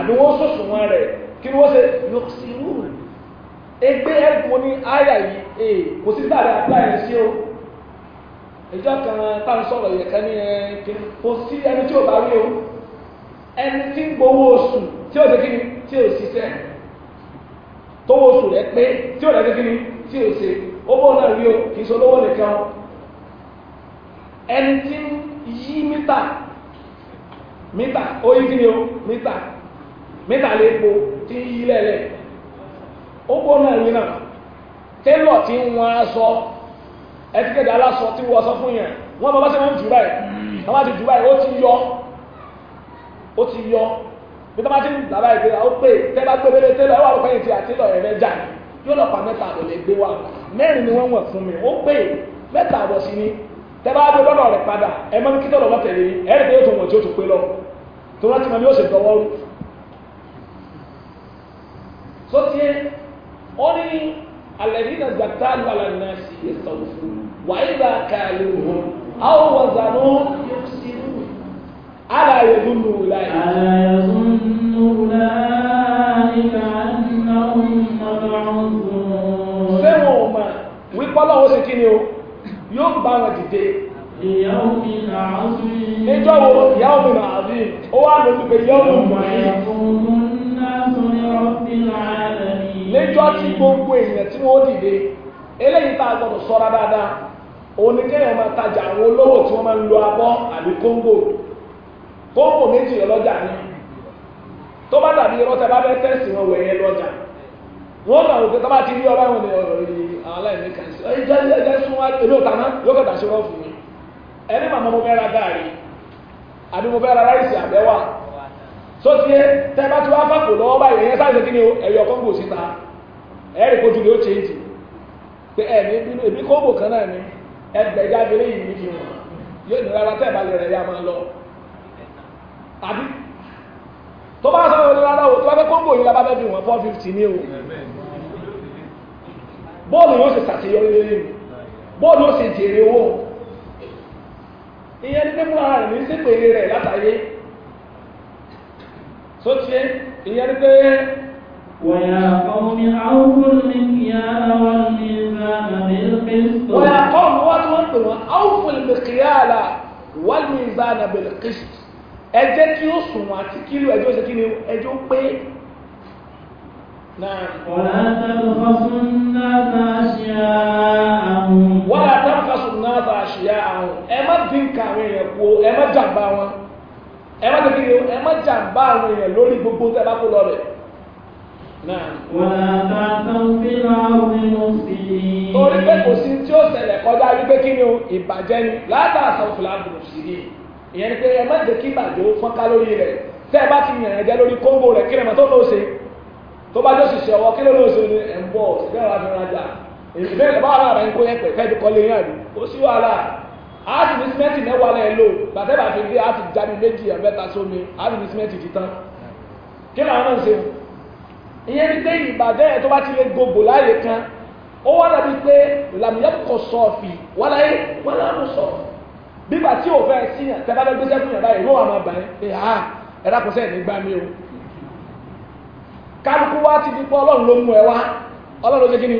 àbí wọ́n sọ̀sùnwọ́n rẹ̀ kí wọ́n ṣe yọ̀sírù ẹgbẹ́ ẹgbùn ní àyà yìí èè kò sí tàbí àpláyé sí o ìjọ kan tá ń sọ̀rọ̀ yẹ kan ní ẹni kò sí ẹni tí ò bá rí o ẹni tí ń gbowó oṣù tí ò ṣe kí ni tí ò ṣiṣẹ́ tówó oṣù rẹ̀ pé tí ò rẹ̀ ṣe kí ni tí ò ṣe owó náà rí o kì í ṣe olówó nìkan ẹni tí ń yí mítà mítà ó yí kí ni o mítà mítàlẹ́ epo tí ń yí lẹ́lẹ̀ ó bọ́ náà rí náà tẹ́lọ̀ tí wọ́n aṣọ ẹtíkẹ́dà aláṣọ tí wọ́n sọ fún yẹn wọ́n bá bá wọ́n jù báyìí ó ti yọ ó ti bí ti ń gbà báyìí pé ó pè tẹ́ bá gbé tẹ́lọ̀ ẹwà lọ́pẹ́yìn tí àtìlọ̀ ẹ̀rẹ́ jà yóò lọ́pàá mẹ́ta àbọ̀ lè wa mẹ́rin ni fún mi ó pè mẹ́ta àbọ̀ ni gbé rẹ̀ padà ẹ mọ́ kí ẹ̀rẹ́ sotie ɔne alɛdina zatalu ala nasi yasawufu wa idha kaluhum aw wazanuhum yufsirun ala yadunnu ulai. ala yadunnu ulai ka annahum mab'uthun. sẹ́wọ̀n o ma wípé ọlọ́wọ́ ṣe kí ni o yóò bá wọn dìde. ìyàwó mi nà á sí. níjọ́ wo ìyàwó mi nà á sí. ó wà lóbi pé ìyàwó mi nà á lẹ́jọ́ tí gbogbo èèyàn tí wọ́n dìde eléyìí tá a gbọ́dọ̀ sọ́ra dáadáa òun ni kéèyàn máa tajà àwọn olówó tí wọ́n máa ń lo abọ́ àbí kóńgò kóńgò méjì lọ́jà ni tó bá dàbí ọlọ́tẹ̀ bá fẹ́ tẹ̀sí wọn wẹ̀yẹ lọ́jà wọ́n náà wò pé tó bá ti rí ọba ìwọ̀n ni ọ̀rọ̀ yìí aláìní kan sí ẹ jẹ́ ẹ jẹ́ sún wá èmi ò tàná yóò kẹta ṣe wọ́n fún mi ẹni màmá mo fẹ́ ra gààrí àbí mo fẹ́ ra ráìsì àbẹ́wà tó ti yẹ tẹ́ bá ọba wá fàpò lọ́wọ́ báyìí ẹ̀yẹn sáà ṣe kí ni o ẹ̀yọ kọ́ńgò síta ẹ̀rì kojú ni ó ṣe é pé ẹ̀mí bínú èmi kọ́ńgò kan náà ni ẹgbẹ̀já abẹ́lé yìí ní fi yóò ní rárá tẹ́ balẹ̀ sọ wọn rárá o tó bá fẹ́ kọ́ńgò yìí lábá bẹ́ẹ̀ fi four fifty ní o bọ́ọ̀lù yóò ṣe ṣàṣeyọrí lórí mi yóò tó ti ẹ́ ìyẹn pé wọ̀yà ọmọ ni àwọn olùmí kìíyà wọn ní ìlànà ìlúkìsítò wọ̀yà ọmọ wọn tó ń pè kí ó sùn wọn àti kílò ẹjọ́ ṣe kí ni ẹjọ́ pé ولا تبخسوا الناس أشياءهم ولا تبخسوا الناس أشياءهم ẹ má dín nǹkan àwọn èèyàn kú ẹ má jàǹbá wọn ẹ má tẹ̀lé ẹ má jàǹbá àwọn èèyàn lórí gbogbo tẹ́ bá kó lọ rẹ̀. torí pé kò sí tí ó ṣẹlẹ̀ kọjá wípé kí ni o ìbàjẹ́ ni látàṣà fúlàmù sí i ìyẹn ni pé ẹ má jẹ́ kí ìbàjẹ́ ó fọ́n ká lórí rẹ̀ tẹ́ ẹ bá ti yàn ẹ̀jẹ̀ lórí kóńgò rẹ̀ kí ni màtó ló ṣe tó bá jọ́sì ṣe ọwọ́ kí ló ló ṣe ni ẹ̀ ń bọ̀ ṣùgbọ́n ìbéèrè bá ara rẹ̀ ń kó yẹn pẹ̀ fẹ́ẹ́ kọ́lé yẹn àbí ó a sì simenti na mẹ́wàá lẹ́ẹ̀ lò gbàtẹ́bà fi dé a jáde méjì ẹ̀ mẹ́ta sómi a sì ní ti tán kí làwọn náà ṣe ìyẹn ní pé ìbàdẹ́ ẹ̀ tó bá ti lè gbogbo láàyè kan ó wá dàbí pé làmìyàkọ̀ sọ̀fì wáláyé wọn náà mú sọ̀fì bíbà tí ò fẹ́ sí yàn tẹ́bá lọ́gbé sẹ́kùn yàn báyìí bàyẹn pé ha ẹ̀dá kò sẹ́yìn mi o kálukú wá ti di pé ọlọ́run ló mú ẹ wá ọlọ́run ló ṣe kí ni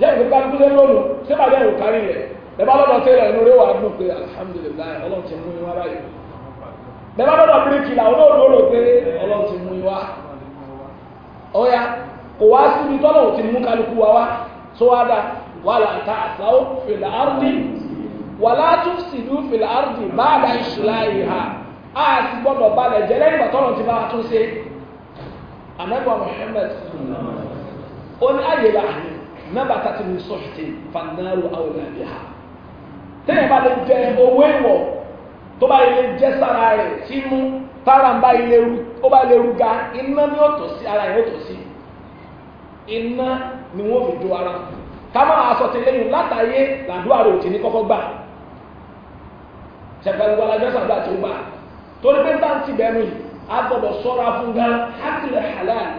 yẹ́n kálukú lónìí ṣé bàbá ò kárí rẹ̀ bẹ́ẹ̀ bá lọ́dọ̀ tẹ́lẹ̀ inú rẹ̀ wà á dùn pé alhamdulilayi ọlọ́run ti mú iwá báyìí bẹ́ẹ̀ bá lọ́dọ̀ bíríkìlà olóòdó rò pé ọlọ́run ti mú iwá ọ̀ya kò wá síbi tọ́lọ̀ ti mú kálukú wa wá tó wá dá wà láta àtàwọn fìlà árdì wà látú sílú fìlà árdì bá dá ìṣúlá ìhà á sì gbọ́dọ̀ balẹ̀ jẹ́ lẹ́yìn ìgbàtọ́lọ̀ ti bá a tún ṣe anagba Muhammad ó ní ayé la nàbàtà ti mú sọ́ọ̀tì fanáàrù àwọn ìlànà tẹ́yìn bá lè jẹ owó ẹ̀wọ̀ tó bá lè jẹ́ sára rẹ̀ tí mú tára ń bá ilé ru ó bá lè ru ga iná ní ọ̀tọ̀ sí ara yẹn ọ̀tọ̀ sí iná ni wọ́n fi do ara ká má aṣọ ti lẹ́yìn látàyé làdúrà rẹ̀ òtí ní kọ́kọ́ gbà ṣẹ̀fẹ̀lú alájọ́sà gbà tó gbà torí pé tá ti bẹ̀rù yìí a gbọ́dọ̀ sọ́ra fún gan hákìlẹ̀ halal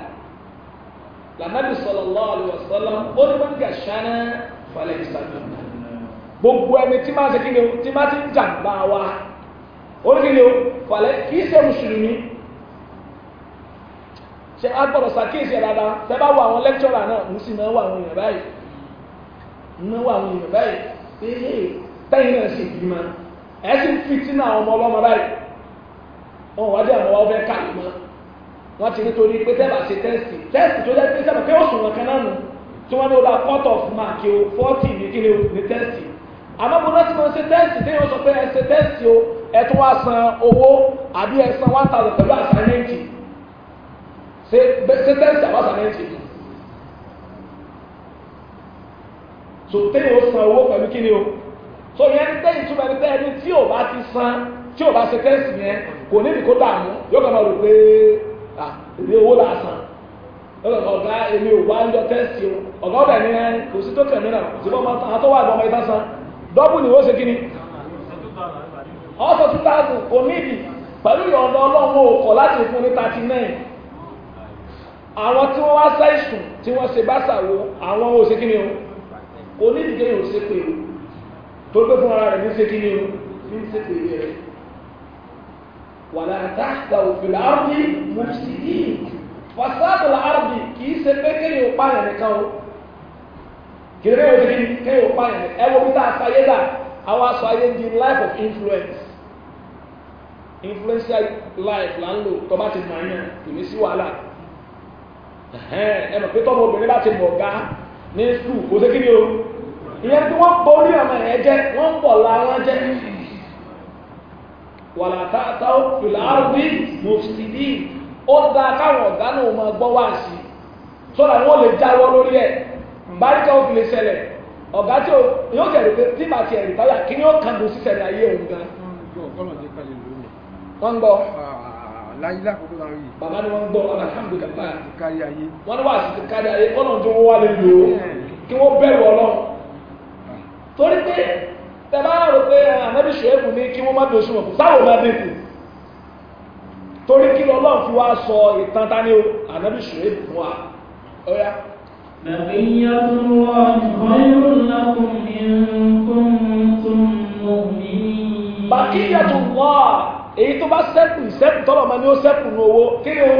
lànàbì sallallahu alaihi wasallam ó ní wọ́n gà gbogbo ẹni tí máa ń ṣe kíni o tí máa ti ń jàǹbá wa ó ní kíni o fàlẹ́ kì í ṣe mùsùlùmí ṣe á gbọ́dọ̀ ṣàkíyèsí ẹ̀ dáadáa tẹ́ bá wọ àwọn lẹ́kítọ́rà náà ń sì náà wọ àwọn èèyàn báyìí náà wọ àwọn èèyàn báyìí ee tẹ́yìn náà sì bí ma ẹ̀ sì ń fìtínà àwọn ọmọ ọlọ́mọ báyìí wọn wá dé àwọn ọfẹ́ káyìí mọ́ wọ́n ti nítorí pé tẹ́ ṣe tẹ́sì tẹ́sì tó jẹ́ pé sábà pé ó sùn wọn kan náà nù tí wọ́n ní o la cut off mark o forty ní kíni o ní tẹ́sì àmọ́ mo rántí kan ṣe tẹ́sì tí yóò sọ pé ẹ ṣe tẹ́sì o ẹ tún wá san owó àbí ẹ san one pẹ̀lú àsáyẹ́ǹtì ṣe tẹ́sì àwọn àsáyẹ́ǹtì ni so tí yóò san owó pẹ̀lú kí ni o so yẹn ní tẹ́yìn túmọ̀ ní tẹ́yìn ní tí ò bá ti san tí ò bá ṣe tẹ́sì yẹn kò ní ìdíkó dààmú yóò kàn máa rò pé èdè owó là á san ọ̀gá èmi ò wá ń yọ tẹ́sì o ọ̀gá ọ̀dà ni kò sí tó kẹ̀ mí náà kò sí bọ́ máa san dọ́bù ni wọ́n ṣe kí ni ọ̀sọ̀ two thousand kò níbi pẹ̀lú ìyọ̀ǹda ọlọ́run òkọ̀ láti fún ní thirty nine àwọn tí wọ́n wá ṣàìsùn tí wọ́n ṣe bá ṣàwo àwọn ò ṣe kí ni o kò níbi kéèyàn ò ṣe pé o tó gbé fún ara rẹ̀ ní ṣe kí ni o ní ṣe pé rẹ̀ wàlá àtàkà òfin àrùbí mùsùlùmí fàṣàdùn àrùbí kì í ṣe pé kéèyàn pààyàn nìkan o kìlẹ̀ yóò fi kéwò pààyàn ẹ wọ bí tá a dà àwọn aṣọ ayé di life of influence influencer life là ń lò tó bá ti mọ̀ yàn kò ní sí wàhálà ẹ mọ̀ pé tọ́mọ obìnrin bá ti mọ̀ ọ̀gá ní sùkúù kò sí kí ni o ìyẹn tí wọ́n bọ orí ọmọ yẹn jẹ́ wọ́n bọ̀ la wọn jẹ́ wàlàtà táwọn fìlà àrùbí mùsùlùmí ó dáa káwọn ọ̀gá náà máa gbọ́ wá sí i sọ́dà wọn lè jáwọ́ lórí ẹ̀ báríkà ó fi lè ṣẹlẹ̀ ọ̀gá tí yóò kẹ̀lé pé tí màá ti ẹ̀rì táyà kí ni ó kàn ló sí ṣẹlẹ̀ ayé òun gan. wọ́n ń gbọ́. láyé lákòókò náà yìí. bàbá ni wọ́n ń gbọ́ alhamdulilayi. wọ́n ní wà á sì ti kárí ayé kọ́nà tó wọ́n wá lè lò ó kí wọ́n bẹ̀rù ọlọ́run. torí pé tẹ bá rò pé ah, ànábì ṣòwò ní kí wọ́n má dé oṣù mọ̀kù sáwọn má dé kù. torí kí lọ́lọ́run fi wá sọ ìtàn tání o ànábì ṣòwò fún wa. بقية الله خير لكم إن كنتم èyí tó bá sẹ́kù ìsẹ́kù tọ́lọ̀ máa ní ó sẹ́kù ní owó kí o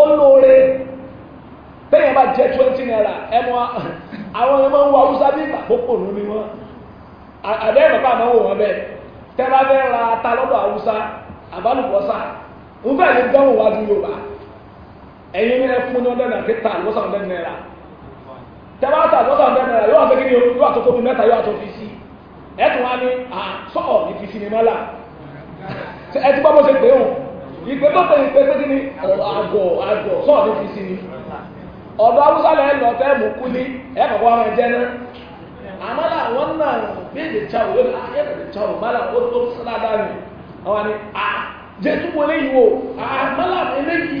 ó lóore bẹ́ẹ̀ bá jẹ́ twenty naira ẹnu àwọn ẹ̀mọ́ ń wọ haúsá bí ìgbà púpọ̀ nù ni àbẹ́ bàbá àmọ́ wò wọ́n bẹ́ẹ̀ tẹ́ bá ra ata lọ́dọ̀ haúsá àbálùbọ́sà ń fẹ́ dánwò wájú Yorùbá ẹ̀yin ní ẹfún ní ọ̀dẹ́ náà tẹ́tà àlùbọ́sà ọ̀dẹ́ náírà tẹ́bàtà àlùbọ́sà ọ̀dẹ́ náírà yóò wá sókè ní yóò àtọ́kọ́ mi mẹ́ta yóò àtọ́ fi sí ẹ̀tùn wá ní àsọ́ọ̀ ní fi sí ni mọ́là ẹ ti gbọ́ bó ṣe pé òun ìpè tó tẹ̀ ìpè pété ní àgọ̀ àgọ̀ sọ́ọ̀ ní fi sí ni ọ̀dọ̀ haúsá lẹ́ lọ tẹ́ mú kú ní ẹ̀ kọ̀kọ́ wọn jẹ́ ná àmàlà wọn náà béèdè chawò yóò náà ayé bẹ̀rẹ̀ chawò mọ́là ó tó sọ́lá dání àwọn ni à jẹ́ túbọ̀ léyìí wò àmàlà eléyìí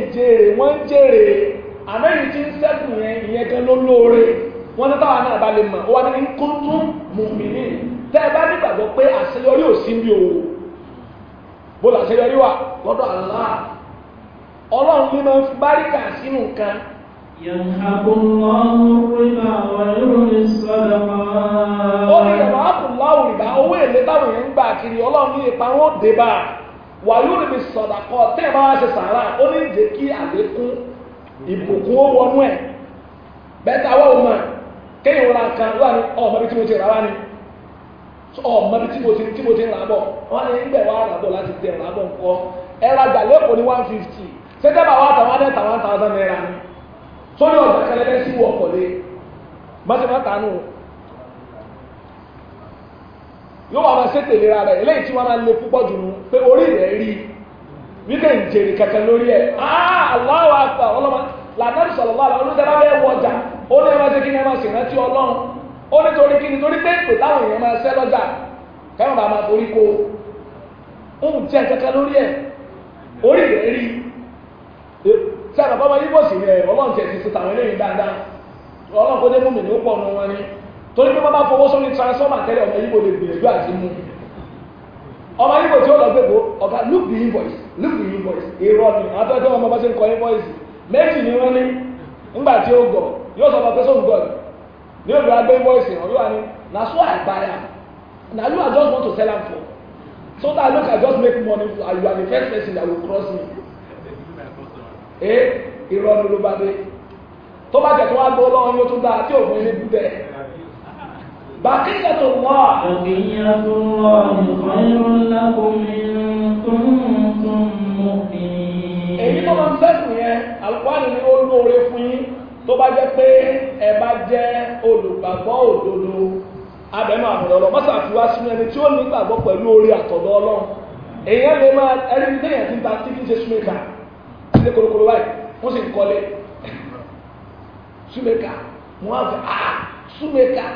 jèrè wọ́n ń jèrè àmẹ́yìn tí ń sẹ́kù yẹn ìyẹn gan ló lóore wọ́n ní náà bá lè mọ̀ ó wá ní kúntún mùmìnì tẹ́ ẹ bá nígbàgbọ́ pé àṣeyọrí ò sí bí o bó làṣeyọrí wà lọ́dọ̀ Allah ọlọ́run ní máa ń fi báríkà sínú nǹkan. wa lè mi sọ̀dà kọ́ tẹ́ bá wá ṣe ó ní jẹ́ kí a wá wọn kan wà ní ọmọ bí tí mo ti ọmọ bí tí mo ti tí ní gbẹ̀ wá láti tẹ̀ nǹkọ́ ní one fifty ṣẹ́jẹ́ bá tàwọn tàwọn ni sórí kẹlẹ́bẹ́ yóò wà máa ṣètò ìlera rẹ̀ eléyìí tí wọ́n máa lè púpọ̀ jù pé orí rẹ̀ rí wíkẹ̀ ń jèrè kankan lórí ẹ̀ aláwọ̀ àgbà ọlọ́mọ làtàrí sọ̀rọ̀ lọ́wọ́ olùsẹ́lá bẹ́ẹ̀ wọjà ó ní ẹ̀ma ṣe kí ni ẹ̀ma ṣe rántí ọlọ́run ko ń jẹ́ kankan lórí ẹ̀ orí rẹ̀ rí sábà bá wọn yíbọ̀ sí rẹ̀ ọlọ́run tẹ̀ sí sí tàwọn eléyìí torí pé bá fọwọ́ sórí transformer tẹ́lẹ̀ ọmọ yíbo lè gbìyànjú àti mú ọmọ yíbo tí ó lọ gbégbó look the invoice look the invoice irọ́ ni àtọ́jọ́ ọmọ bá ṣe ń kọ invoice méjì ni wọ́n ní ńgbà tí ó gọ̀ yóò sọ fún pẹ́sọ́n gọ̀ ní òbí agbé invoice hàn na so I buy am na you are just want to sell am for so that look I just make money for you first person that will eh? بقية الله بقية الله خير لكم إن كنتم مؤمنين èyí tó máa ń sẹ́kùn yẹn alùpàdé ni ó lóore fún yín tó bá jẹ́ pé ẹ bá jẹ́ olùgbàgbọ́ òdodo abẹ́mọ̀ àbọ̀dọ̀ lọ mọ́sà fi wá sínú ẹni tí ó ní gbàgbọ́ pẹ̀lú orí àtọ̀dọ̀ ọlọ́run èèyàn lè máa ẹni ní èèyàn ti ń ta tí ṣe súnmẹ́kà sílé korokoro báyìí wọ́n sì ń kọ́lé súnmẹ́kà wọ́n á fẹ́ ah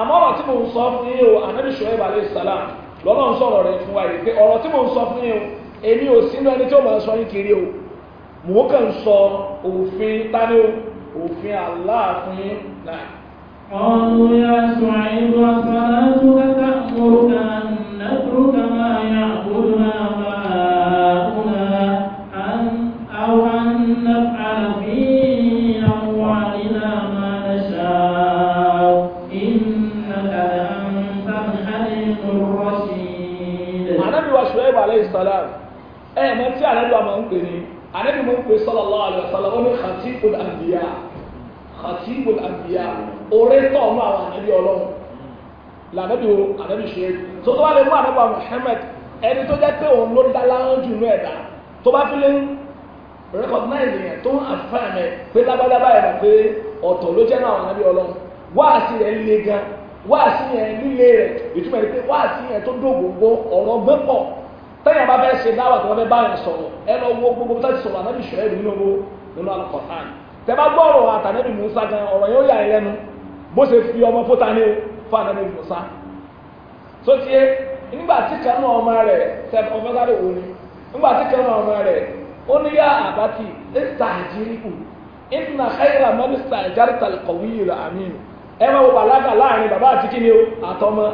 àmọ́ ọ̀rọ̀ tí mò ń sọ fún yín o ànábì Ṣuaib alayhi salam lọ́nà ń sọ̀rọ̀ rẹ̀ fún wa yìí pé ọ̀rọ̀ tí mò ń sọ fún yín o èmi ò sínú ẹni tí ó máa sọ yín kiri o mò ń kàn sọ òfin tani o òfin Allah fún yín náà. قالوا يا شعيب أصلاتك تأمرك أن نترك ما يعبد هؤلاء salam ẹ mọ tí anabi wa máa ń pè ní anabi máa ń pè sallallahu alaihi wasallam ó ní khatibul anbiya khatibul anbiya orí tọ̀ ọ̀nà àwọn anabi ọlọ́run lànàbí o anabi ṣe é tó tó bá lè mú anabi wa Muhammad ẹni tó jẹ́ pé òun ló dá láwọn jù nú ẹ̀dá tó bá fi lé ń recognize yẹn tó ń àfáà pé lábálábá yẹn pé ọ̀tọ̀ ló jẹ́ náà àwọn ọlọ́run wáàsí rẹ̀ le gan wáàsí yẹn líle rẹ̀ ìtumọ̀ yẹn pé wáàsí yẹn tó dógógó ọ̀rọ̀ gbẹ́pọ̀ tẹ́yìn bá ese ṣe dáwà tó bá bẹ́ẹ̀ bá yẹn sọ̀rọ̀ ẹ lọ wo gbogbo bí sẹ́yìn sọ̀rọ̀ ànábì ṣọ̀rẹ́ ìlú nínú nínú Al-Qur'an tẹ́ bá gbọ́ ọ̀rọ̀ àtànẹ́bì Musa gan ọ̀rọ̀ yóò yà ẹlẹ́nu bó ṣe fi ọmọ fóta ní fún àtànẹ́bì Musa tó ti nígbà tí kan náà ọmọ rẹ̀ tẹ ọfẹ́sáré wò ni nígbà tí kan náà ọmọ rẹ̀ ó ní yá àbátì ìsàjìrìkù ẹ máa wọ bàlágà láàrin bàbá àti kíni o àtọmọ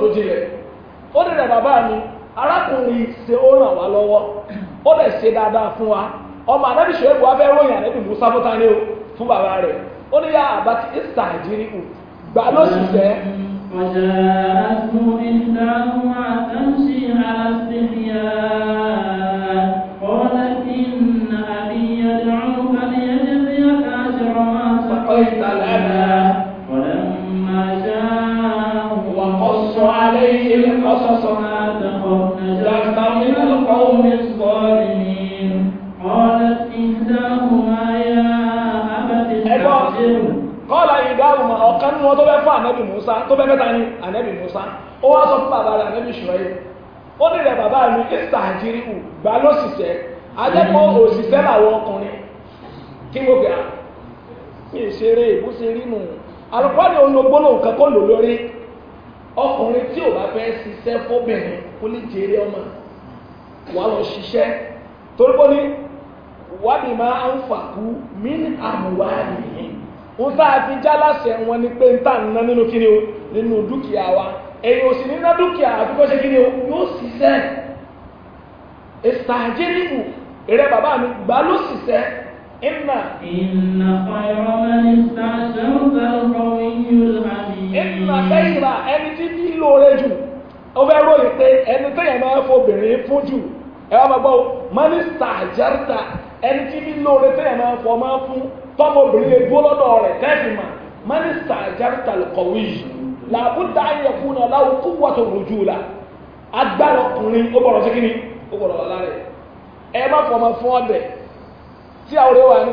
tó ó bàbá mi arákùnrin ṣe ó ràn wá lọ́wọ́ ó lè ṣe dáadáa fún wa ọmọ anábì ṣòwò wa fẹ́ ròyìn anábì musa fúnta ni ó fún bàbá rẹ̀ ó ní yá àbátí ìsà ìjírí kù gbà ló sì fẹ́. وجاءته إحداهما تمشي على استحياء قالت إن أبي يدعوك ليجزيك أجر ما سقيت لنا ولما جاءه وقص عليه القصص ọ̀kan nínú ọdọ́ bẹ́ẹ̀ fún ànẹ́bì Musa tó bẹ́ẹ̀ mẹ́ta ní ànẹ́bì Musa ó wá sọ fún bàbá rẹ̀ ànẹ́bì ṣùgbọ́n ó ní rẹ̀ bàbá mi ìsà àjírí wù gbà lọ́sìsẹ́ ajẹ́kọ̀ọ́ òṣìṣẹ́ làwọn ọkùnrin kí wọ́n gbà mí ìṣeré ìbúṣe rínú alùpàdé olóògbóló nǹkan kó lò ọkùnrin tí ò bá fẹ́ ṣiṣẹ́ fóbìnrin kó lè jèrè ọmọ wà lọ ṣiṣẹ́ torí pé ní wádìí máa ń fàkú mí àmúwá nìyí ń tá a fi já láṣẹ wọn ni pé ń tà ń ná nínú kíni o nínú dúkìá wa èyí ò sì ní ná dúkìá àfikún ṣe kíni o yóò ṣiṣẹ́ ìsàjẹ́rìbù eré bàbá mi gbà ló ṣiṣẹ́ ìnà. ìnà ọ̀rọ̀ ẹni sàṣẹ́ ń bẹ̀rù ọ̀rọ̀ yìí ló ń bá mi. ẹni tí bí lóore jù. ó fẹ́ ròyìn pé ẹni tó yẹn fọ fobìnrin fún ẹ wá máa gbọ́ mọ́nísítà àjẹrìtà ẹni tí ní lóore fọ máa fún tọ́mọbìnrin lè dúró lọ́dọ̀ rẹ̀ tẹ́sí mà mọ́nísítà àjẹrìtà lùkọ̀wé yìí làbúdà ayẹ̀kú náà láwù kú wọ́tò rojú la agbára ọkùnrin ó bọ̀rọ̀ sí kíni ó bọ̀rọ̀ ẹ fọ ọmọ fún ọdẹ tí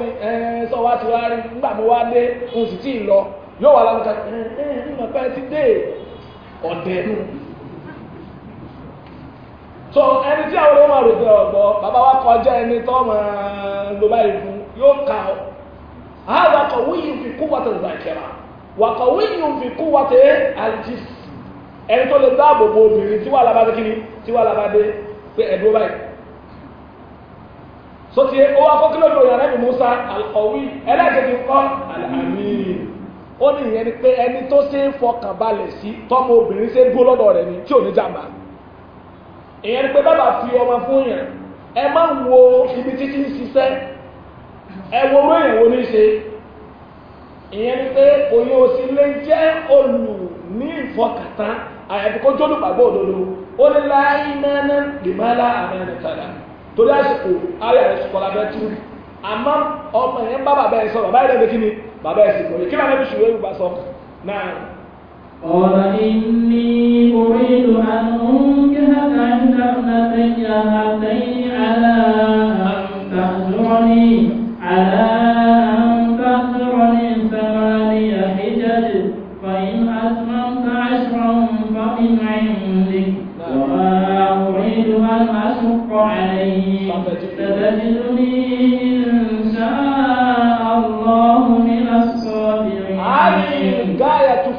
ní ẹ sọ wá ti wá nígbà mo wá dé n sì tí ì lọ yóò wà so ẹni tí àwọn ọmọ rẹ̀ fẹ́ ọ̀gbọ́ bàbá wa kọjá ẹni tó máa ló báyìí fún yóò kà ó àgbà kọ̀wé yìí fi kú wàtí ìzàkẹ́rà wà kọ̀wé yìí fi kú wàtí àlìjísì ẹni tó lè dáàbò bo obìnrin tí wà lábàdé kíni tí wà lábàdé pé ẹ̀dúró báyìí sotí ó wá kó kílódé òyìn àrẹ́bì Musa alkọ̀wé ẹlẹ́gẹ̀dẹ̀ kọ́ àlàmì ó ní ìyẹn ni pé ẹni tó ṣe é fọkàn balẹ̀ sí tọ́mọ obìnrin ṣe é dúró lọ́dọ̀ rẹ̀ ni tí ò ní jàmbá ìyẹn ni pé bàbá fi ọmọ fún yẹn ẹ má wo ibi títí ń ṣiṣẹ́ ẹ wo owó èèyàn ní ṣe ìyẹn ni pé o òsì lè jẹ́ olù ní ìfọkàtà àyàfi kó jọ́lù pàgbọ́ òdodo ó ní láyé náná lèmọ́lá àmì torí àsìkò ayé bẹ́ẹ̀ àmọ́ ọmọ bá bàbá ẹ̀ sọ bàbá ẹ̀ kí ni bàbá ẹ̀ sì kí ṣùgbọ́n sọ قال إني أريد أن أنكحك عند ابنتي هاتين على أن تهجرني على أن تهجرني ثماني حجج فإن أتممت عشرا فمن عندك وما أريد أن أشق عليك ستجدني إن شاء الله من الصابرين.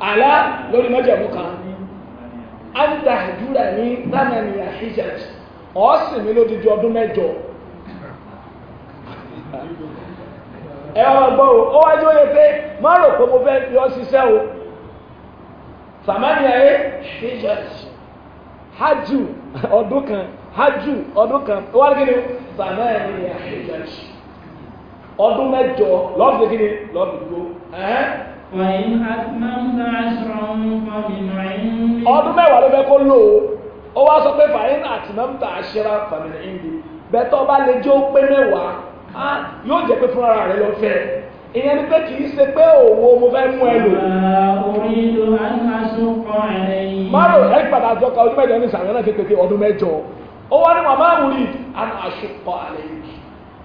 ala lórí mẹ́jẹ̀mú kan áńtà àdúrà ní tánàníyà hijab ọ̀ọ́sìn mi lódidi ọdún mẹ́jọ ẹ̀rọ gbọ́ o ó wájú oye pé má rò pé mo fẹ́ fi ọ́ ṣiṣẹ́ o kan hajju ọdún kan wọ́n rí kí ni sàmánìyà ọdún mẹ́jọ ọdún mẹ́wàá ló fẹ́ kó lò ó ó wá sọ pé fàáyín àti mẹ́mta àṣírà fàmìlì ìdí bẹ́tọ̀ bá lè jẹ́ ó pé mẹ́wàá yóò jẹ́ pé fúnra rẹ̀ fẹ́ ìyẹn ni pé kì í ṣe pé òwò mo fẹ́ mú ẹ lò. márùn padà ka mẹ́jọ ní sàmì náà ti pèpè ọdún mẹ́jọ ó wá ní màmá àwùrí àná àṣùkọ àlẹ́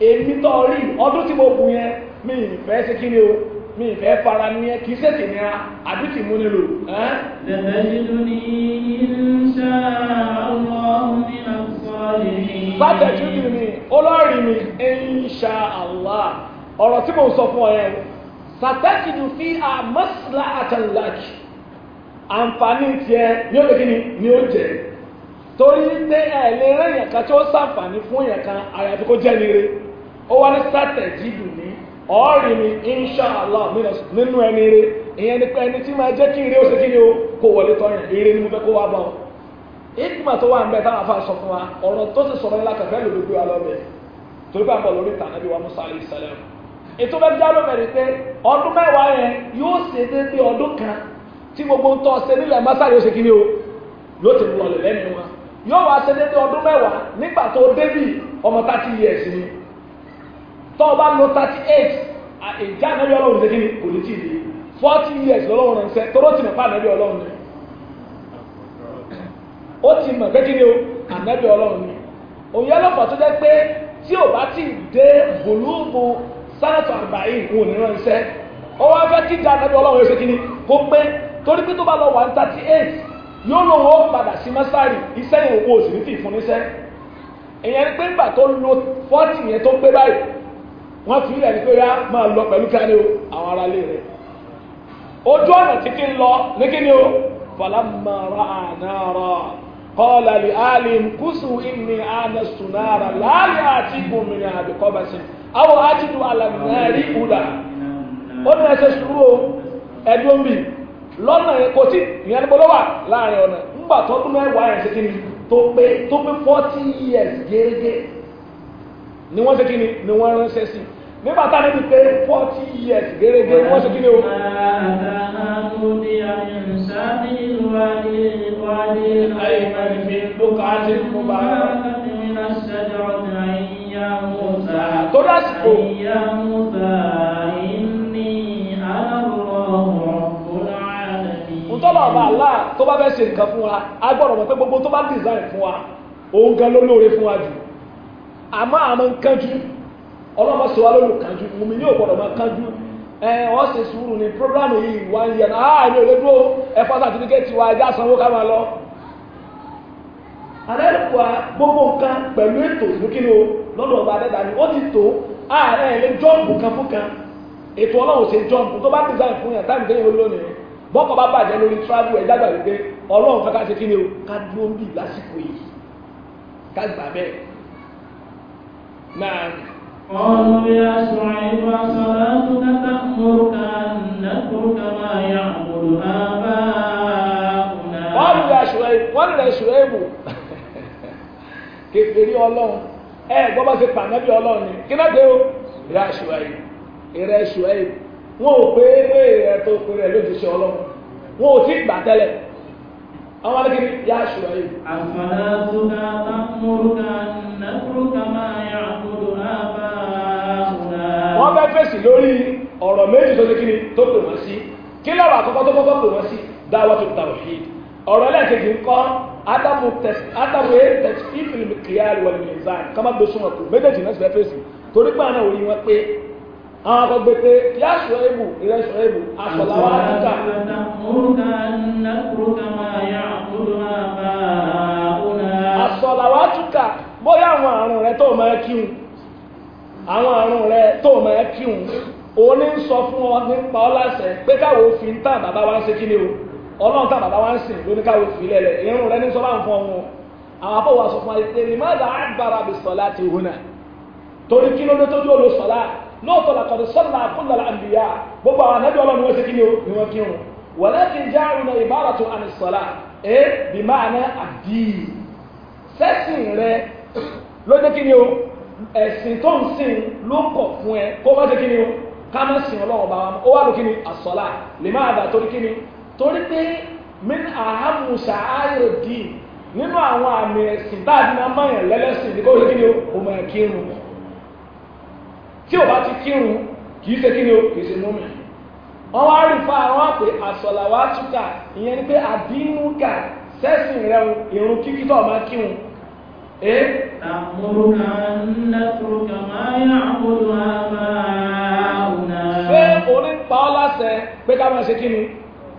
èmi tọ́ rí ọdún tí mo kù yẹn o. mi ìfẹ́ fara ní ẹ kì í ṣètì nira àbí tì mú nílò. Lẹ́tẹ̀jìdúnì insha Allah min mi insha Allah ọ̀rọ̀ tí mo sọ fún ọ yẹn. Sàtẹ́jìdù fi àmọ́sílá àtàlákì. Àǹfààní tiẹ̀ ní ó kíni ni ó jẹ. Torí pé ẹ̀ lè rẹ̀ yẹn kan tí ó sàǹfààní fún yẹn kan àyàfi kó jẹ́ nire. Ó wá ní sàtẹ̀jìdù ọ̀rìn ni inṣàlá nínú ẹni eré ìyẹn ni pé ẹni tí máa jẹ́ kí eré ó ṣe kí ni ó kó wọlé tọ́yìn eré ni mo fẹ́ kó wá bá ọ. ìgbìmọ̀ tó wà ń bẹ táwọn afa sọ fún wa ọ̀rọ̀ tó sì sọ̀rọ̀ ńlá kẹfẹ́ ló gbé wa lọ́bẹ̀ torí pé àbọ̀ lórí tànàbí wa musa alayhi salam. ètò bẹ́ẹ̀ já ló bẹ̀rẹ̀ pé ọdún mẹ́wàá yẹn yóò ṣe déédéé ọdún kan tí gbogbo ń tọ́ ṣe nílẹ̀ masari ó ṣe kí ni ó yóò ti lọlẹ̀ lẹ́nu wa yóò wá ṣe déédéé ọdún mẹ́wàá nígbà tó débì ọmọ tá tó o bá lo thirty eight ìjà ànábì ọlọ́run ṣe kí ni kò ní tì í forty years lọ́lọ́run rẹ̀ ń sẹ́ tóró ti mọ̀ pé ànábì ọlọ́run ni ó ti mọ̀ pé kí ni o ànábì ọlọ́run ni òye ọlọ́pàá tó jẹ́ pé tí ò bá ti dé bòlúùbù sálẹ̀tọ̀ àgbáyé ìhun òní ránṣẹ́ ó wá fẹ́ kí ìjà ànábì ọlọ́run ṣe kí kó pé torí pé tó bá lọ wà ní thirty eight yóò lòun ó padà sí mọ́sárì iṣẹ́ yẹn owó òsì ní tì fún níṣẹ́ èèyàn ni pé ńgbà tó lo forty yẹn tó pé báyìí wọ́n fi ilẹ̀ ní pé yá máa lọ pẹ̀lú káni àwọn ará ilé rẹ̀ ojú ọ̀nà títí ń lọ ní o ra'a nara qala alim kusu inni anastu nara la ya'tikum minha bi qabasin aw ajidu ala nari huda ó ní ẹsẹ̀ sùúrù o ẹ̀dùn lọ́nà yẹn kò sí ìyẹn wà láàrin ọ̀nà ńgbà tó mẹ́wàá ṣe tó pé tó ni wọ́n ṣe kí ni ni wọ́n ránṣẹ́ sí nígbà tá níbi pé forty years gẹ́gẹ́ wọ́n ṣe kí ni o. tó dásìkò. ntọ́lọ̀ ọba àlá tó bá fẹ́ ṣe nǹkan fún wa a mọ̀ pé gbogbo tó bá design fún wa òun gan ló fún wa jù. a àmọ́ ń kánjú ọlọ́mọ sọ wa lónìí kánjú mùmí ní ògbọ́dọ̀ máa kánjú ẹ ọ ṣe sùúrù programu yìí ń ẹ wa ẹjẹ́ àsanwó ká máa lọ. àdẹ́rùkọ́ gbogbo nǹkan pẹ̀lú ètò ọba ni ó ti tó ààrẹ ilé jọ́ǹpù kan fún kan ètò ọlọ́run ṣe jọ́ǹpù tó bá design fún bọ́kọ̀ bá bàjẹ́ lórí travel ẹ̀ o ká dúró ń bì lásìkò yìí ká نعم قالوا يا شعيب صلاتك تأمرك أن نترك ما يعبد آباؤنا قالوا يا شعيب قالوا يا شعيب kékeré ọlọ́run ẹ gbọ́ bá ṣe pàǹdàbí ọlọ́run ni kí náà dé o ìrẹ́ àṣùwáyé ìrẹ́ àṣùwáyé wọn ò pé pé ìrẹ́ tó pé rẹ̀ lójúṣe ọlọ́run wọn ò tí gbà tẹ́lẹ̀ àwọn alákìrí yá ṣùgbọ́n yìí. àfàlàtúnà àmúrúnà nàkúrúkà máa yà àkúrò àbá àmúrà. wọ́n fẹ́ fèsì lórí ọ̀rọ̀ méjì tó lékiri tó pè wọ́n sí kí lọ́rọ̀ àkọ́kọ́ tó kọ́kọ́ pè wọ́n sí dáwọ́tò tawhid ọ̀rọ̀ ẹlẹ́ẹ̀kejì ń kọ́ adamu e tẹ̀sí fífìlì kìlíà wọlé mizan kọ́má gbé súnmọ̀ kù méjèèjì náà sì fẹ́ fèsì torí pé àná pé àwọn akọgbẹ pé yá sọ ebu ilẹ̀ sọ ebu asọ̀lá wa dúkà. asọ̀lá bóyá àwọn àrùn rẹ tó rẹ tó máa kíhun òun ní sọ fún ọ nípa ọ pé káwọ òfin tá bàbá wa ń ṣe ni o ọlọ́run tá bàbá wa ń sìn ló ní káwọ lẹ̀lẹ̀ irun rẹ ní sọ bá ń torí kí ló dé lóòótọ́ làkọ̀dé sọ́nà àkúlọ̀ àǹbíyá gbogbo àwọn anábì ọlọ́run wọ́n ṣe kí ni wọ́n kí wọn walakin ja'alna ibaratu anis sala ẹ bí máa ná àdí sẹ́sìn rẹ ló jẹ́ kí ni o ẹ̀sìn tó ń sìn ló kọ̀ fún ẹ kó má ṣe kí ni o ká má sìn ọlọ́run bá wa ó wà ló kí ni àsọ̀lá lè má dà torí kí ni torí pé min ahamu sa'ayo nínú àwọn àmì ẹ̀sìn tá tí ò bá ti kírun kì í ṣe kí ni o kì í ṣe mọ́mì wọ́n wá rí fún àwọn àpè àsọ̀làwà túkà ìyẹn ni pé àbínúkà sẹ́sìn rẹ̀ ìrun kíkí tó ọmọ kírun Àmúrúkà nàtúrúkà máa yà àbúrú àbáàrùnà. Ṣé orí pa ọ́ láṣẹ pé ká máa ṣe kí ni?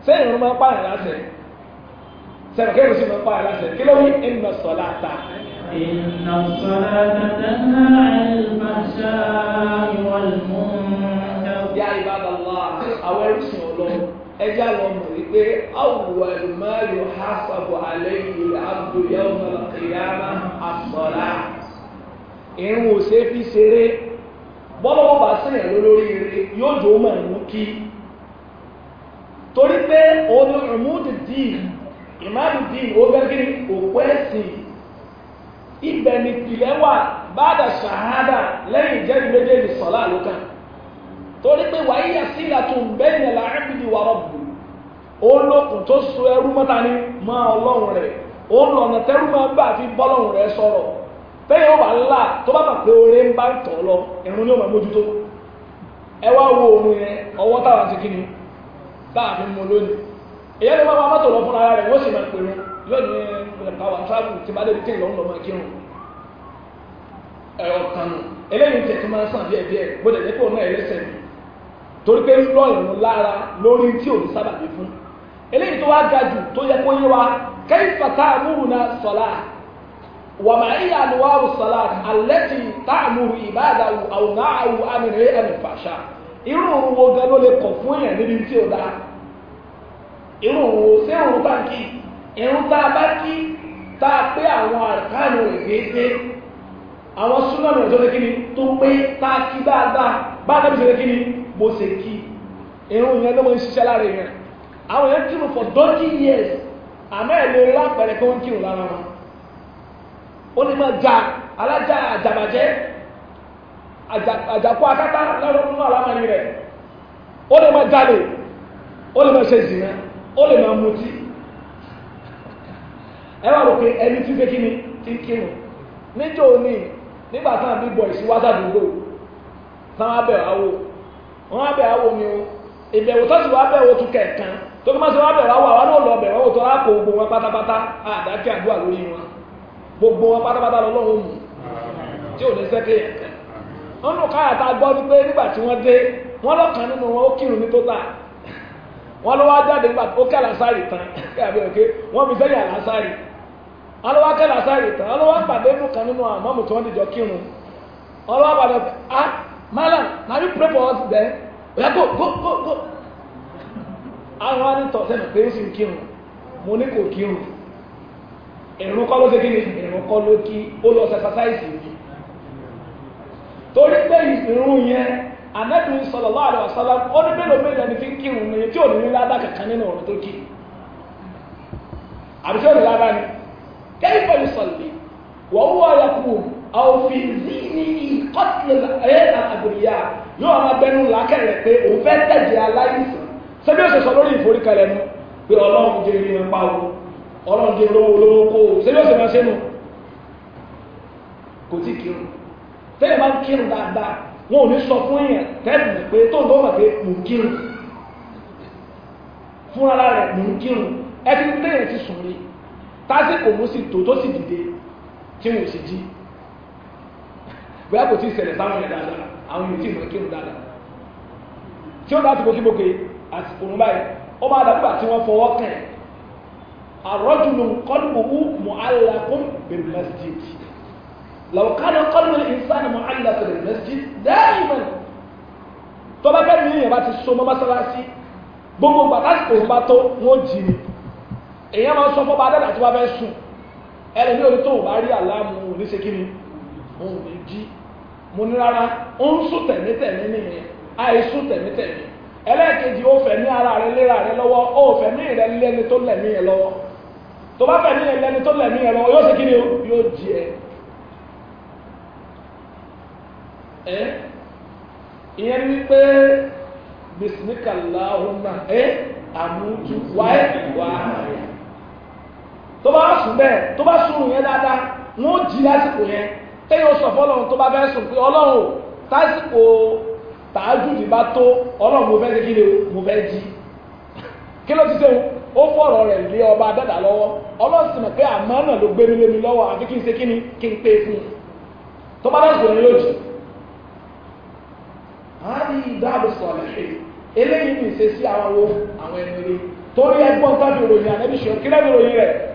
Ṣé ìrún máa pààyàn láṣẹ? Ṣẹ̀rọ̀ kéèrè sí máa pààyàn láṣẹ. Kí ló wí? Inna salata. إن الصلاة تنهى عن يا عباد الله أول شيء ẹjá lọ mọ̀ wípé awùwàlù máa yọ hásàbò àlẹ́yìn ìlàbù yẹ́wò mọ̀lẹ́kìyàmá àsọ̀lá. ìrún ò ṣe fi ṣeré bọ́lọ́wọ́ bá sẹ̀yìn lólórí eré yóò jò mọ̀ ẹ̀mú kí. torí pé olùrùmúdìdì ìmáàdìdì ó bẹ́ òpó ẹ̀sìn ibẹ̀ ni ìpìlẹ̀ wà báàdà ṣàhádà lẹ́yìn ìjẹ́rìí méjèèjì sọ̀lá ló torí pé wàá yíyà sí ìlàtò bẹ́ẹ̀ni ẹ̀là wà rọ̀bù olókùn tó so ẹrú mọ́ta ni máa ọlọ́run rẹ̀ òun lọ̀nà tẹ́rú máa bá àfi bọ́lọ́run rẹ̀ sọ̀rọ̀ bẹ́ẹ̀ wà ńlá tó bá bà pé oore ń bá ń tọ̀ lọ ẹ̀rùn ni ó máa mójútó ẹ wá wo òun yẹn ọwọ́ táwa ti gbọ́dọ̀ káwà travel tí bá débi kéèyàn lọ́nà máa kírun ẹ̀rọ kanu eléyìí tẹ̀ tí máa ń sàn díẹ̀ díẹ̀ gbọ́dọ̀ jẹ́ pé òun náà mi torí pé ń lọ lára lórí tí òun sábà bí fún eléyìí tó wá ga jù tó yẹ kó yé wa kayfa ta'muruna salah wa ma hiya anwa'u salah allati ta'muru ibadahu aw nahyu anil fahsha irú òun wo gan ló lè kọ̀ fún èèyàn níbi tí ò dáa irú òun wo sí òun báńkì irun tá a bá kí tá a pé àwọn àrùkánù rẹ̀ déédéé àwọn súnmọ́ rẹ̀ tó lé kíni tó pé tá a kí dáadáa bá a dábìsẹ̀ lé kíni bó ṣe kí irun yẹn ló mọ ṣiṣẹ́ lára yẹn àwọn yẹn kírun for twenty years àmọ́ ẹ̀ lè lápẹ̀rẹ̀ kó ń kírun lára wọn ó ní máa ja alájà àjàbàjẹ́ àjàkú akátá lọ́rọ̀ nínú àlámọ́ni rẹ̀ ó lè máa jalè ó lè máa ṣe zìnà ó lè máa mutí ẹwà rò pé ẹni tí ṣe kí ni òní nígbà táwọn big boys wá sàdúgbò táwọn abẹ àwo wọn abẹ àwo mi o ìbẹ̀wò tó tún kẹ̀kan tó kí máa ṣe wá bẹ̀wò àwọ àwọn tó lápò gbogbo wọn ní (laughs) sẹ́kẹ̀ yẹn ọlọ́wọ́ kẹ́lá sáré tán pàdé nù kan nínú àwọn mọ́mù tí dìjọ ah na you pray for us then oya go go go go àwọn wa ní tọ̀ pé kírun mo ní kò kírun ìrún kọ́ ló ṣe kí ni ìrún ló kí ó lọ sẹ́sásáìsì yìí torí pé ìrún kayfa yusalli wa huwa yaqum aw fi zihnihi qatl al-abriya yóò máa bẹnu làákẹ́rẹ̀ pé òun fẹ́ tẹ̀jẹ̀ aláìsàn sẹ́bí òṣè sọ lórí ìforíkalẹ̀ nu pé ọlọ́run jẹ́ ìrìn pa o ọlọ́run jẹ́ olówó olówó kó o sẹ́bí òṣè máa ṣe nù kò tí kírun tẹ́lẹ̀ máa ń kírun dáadáa wọn ò ní sọ fún èèyàn tẹ́lẹ̀ pé tó ń bọ́ bàbá mò ń kírun fúnra rẹ̀ mò ń kírun ẹ ti tẹ́yẹ̀ ti sùn rí tásìkò mú sí tó tó sì dìde tí wọn ò sì jí bóyá kò tí ì ṣẹlẹ̀ sáwọn yẹn dáadáa àwọn yòó tí ì mọ̀ kí wọn dáadáa tí ó láti gbogbo gbogbo àsìkò ń báyìí ó bá dàgbà tí wọ́n fọwọ́ kàn àrọ́jùlù kọ́lùbùkù mọ̀álàkùn bil masjid law kana kọ́lùbù ìsáni mọ̀álàkùn bil masjid daiman tó bá kẹ́rin yìí yẹn bá ti so mọ́ mọ́sálásí gbogbo gbàtàsìkò èèyàn máa sọ fọ́ba adẹ́dà tí wọ́n fẹ́ sùn ẹni ní orí tó wà rí àlámù oníṣe òun lè jí mo ní rárá ó ń sùn tẹ̀mítẹ̀mí nìyẹn àìsùn tẹ̀mítẹ̀mí ẹlẹ́ẹ̀kejì ó fẹ̀mí ara rẹ léra rẹ lọ́wọ́ ó fẹ̀mí rẹ lẹ́ni tó lẹ̀mí ẹ lọ́wọ́ tó bá fẹ̀mí rẹ lẹ́ni tó lẹ̀mí ẹ lọ́wọ́ yóò ṣe kíni yóò jí ẹ ẹ tó bá sùn bẹ́ẹ̀ tó bá sùn yẹn dáadáa wọn jí lásìkò yẹn téèyàn sọ fọlọ́run tó bá fẹ́ sùn pé ọlọ́run tásìkò tààjùdì bá tó ọlọ́run mo fẹ́ ọba dada lọ́wọ́ ọlọ́run sì mọ̀ pé àmọ́ náà ló gbé mi lọ́wọ́ àfi kí n ṣe kí ni kí n pé fún un tó bá yẹn yóò sọ̀rọ̀ ṣe eléyìí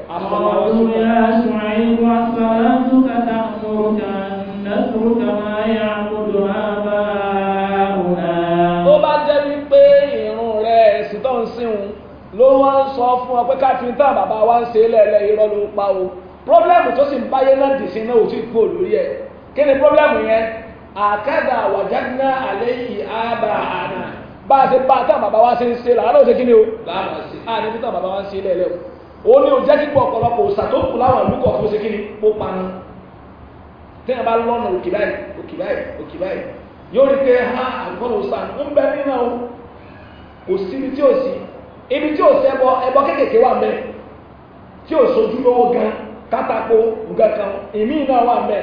قالوا يا شعيب أصلاتك تأمرك أن نترك ما يعبد آباؤنا ó bá jẹ́ wípé ìrun rẹ̀ ẹ̀sìn tó ń sìnwó ló wá ń sọ fún ọ pé káfíń bàbá wa ń ṣe lẹ́lẹ́ irọ́ ló pa o pọ́blẹ́mù tó sì ń báyé náà dì sí náà ò tí ì lórí ẹ̀ kí ni pọ́blẹ́mù yẹn àkàdà wàjágínà àlẹ́ yìí ábà àná bá a ṣe bá a tá bàbá wa ṣe ń ṣe làwọn náà ṣe kí ni o àná ibi tá bàbá wa ń ṣe lẹ́lẹ́ o ó ní òjẹ́ kíkọ́ ọ̀pọ̀lọpọ̀ òsà tó kù láwọn ìlú kọ̀ọ̀kan ó ṣe kí ni ó panu téèyàn bá lọ́nà òkè báyìí òkè báyìí òkè báyìí yóò rí pé ha àgbọ̀n òsà ń bẹ nínú o kò sí ibi tí ò sí ibi tí ò sí ẹbọ ẹbọ kéékèèké wà mẹ tí ò sojú lówó gan kátàkó nǹkan kan ìmí náà wà mẹ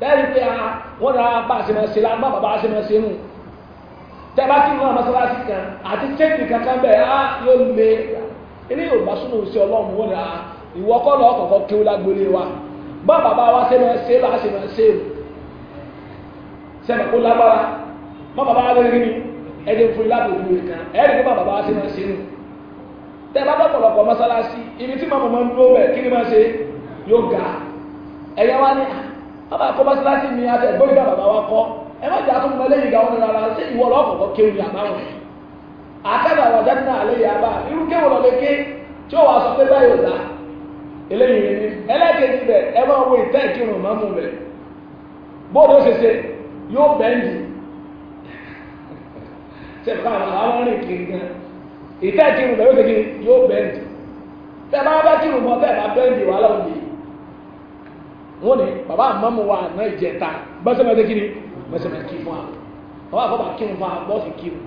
lẹ́yìn pé a wọ́n dára bá a ṣe máa ṣe lá bá bàbá a ṣe máa ṣe nù tẹ́ bá kí n náà mọ́ṣáláṣí kan àti tẹ́ẹ̀nì kankan bẹ́ẹ̀ á yóò lé ilé yorùbá súnmù sí ọlọ́run wọn ra ah, ìwọ kọ́ lọ ọkọ̀ọ̀kọ́ lágbólé wa bá bàbá wa bá kó lágbára má bàbá wa lórí ni ẹni fún ilé àbòjú rẹ̀ kan ẹ̀rí kó má bàbá wa ṣe máa ṣe tẹ́ bá dọ̀pọ̀lọpọ̀ mọ́sálásí ibi tí màmá máa ń dúró bẹ̀ kí ni ma ṣe yóò ga ẹ̀yẹ wa ah, bàbá kọ́ mọ́sálásí mi àti ẹ̀gbọ́n ìgbà bàbá wa kọ́ ẹ má akada wàjáde àlẹ́ yà bá irú kéwòn lọ lè tí ó sọ pé báyìí ò dá eléyìí rẹ ní ẹlẹ́kẹ̀ẹ́jì ẹ máa wo ìtẹ́ ìkírun máa mú bẹ̀ bóòdù ó ṣeṣe yóò bẹ́ǹdì ṣe fún rìn kiri gan ìtẹ́ ìkírun yóò bá bá kírun bá bàbá wa fún wa bàbá kírun fún wa kírun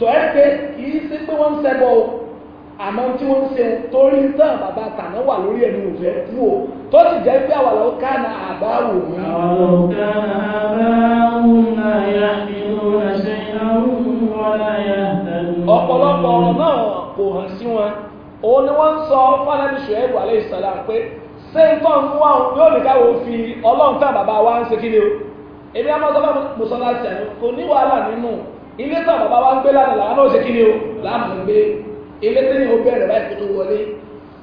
sọ ẹ́ pé kì í sí pé wọ́n ń ṣẹbọ o àmọ́ tí wọ́n ń ṣe torí tán bàbá tàná wà lórí ẹ̀mí òfẹ́ fún o tó sì jẹ́ pé àwàlọ́ ká na àbá wò mí. àwàlọ́ ká na àbá wò náà yá inú ẹ̀ṣẹ̀ ìnáwó wọn náà yá ẹ̀dùn. ọ̀pọ̀lọpọ̀ ọ̀rọ̀ náà kò hàn sí wọn òun ni wọ́n ń sọ fálábì ṣùgbọ́n alayhi salam pé ṣé nǹkan fún àwọn yóò ní káwọ́ fi ọlọ́run tán bàbá wa ń ṣe kí ni o èmi àmọ́ sọ́lá mùsọ́lá ilé tó àbàbà wa ń gbé lánàá làánà òsè kí ni o lánàá ń gbé ilé ni o bẹ̀rẹ̀ báyìí kó tó wọlé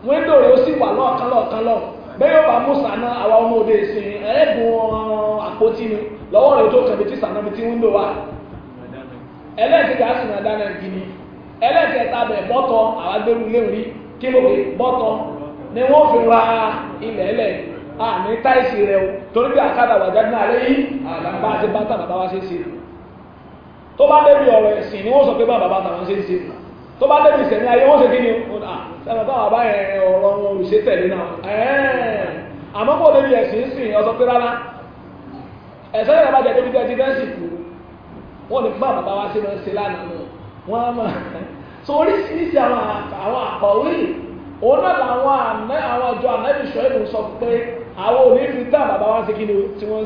wíńdò rẹ̀ ó sì wà lọ́ọ̀kan lọ bẹ́ẹ̀ yóò bá mú sànà àwa ọmọ òde ìsìn ẹ̀ẹ́dùn àpótí ni lọ́wọ́ rẹ̀ tó kàn ti sànà mi ti wíńdò wà ẹlẹ́ẹ̀kejì na ni fi ra àmì táìsì o torí bí náà àti bàtà bàbá wa ṣe tó bá débi ọ̀rọ̀ ẹ̀sìn ni wọ́n sọ pé bá bàbá tàwọn ṣe ń ṣe nù tó bá débi ìṣẹ̀lẹ̀ ayé wọ́n ṣe kí ni ah, ṣẹlẹ̀ bá bàbá yẹn ọ̀rọ̀ wọn ò ṣe tẹ̀lé náà àmọ́ kò débi ẹ̀sìn sìn ọ̀sọ̀ pé rárá ẹ̀sẹ̀ yẹn bá jẹ́ débi tẹ́tí fẹ́ǹsì kù wọ́n ní bá bàbá wa ṣe máa ń ṣe lánàá wọ́n á máa (laughs) so oríṣiríṣi àwọn àwọn àkọ̀wé òun náà làwọn àwọn àjọ ànábìṣọ́ ìlú sọ pé àwọn òní fi tá bàbá wa ṣe kí ni tí wọ́n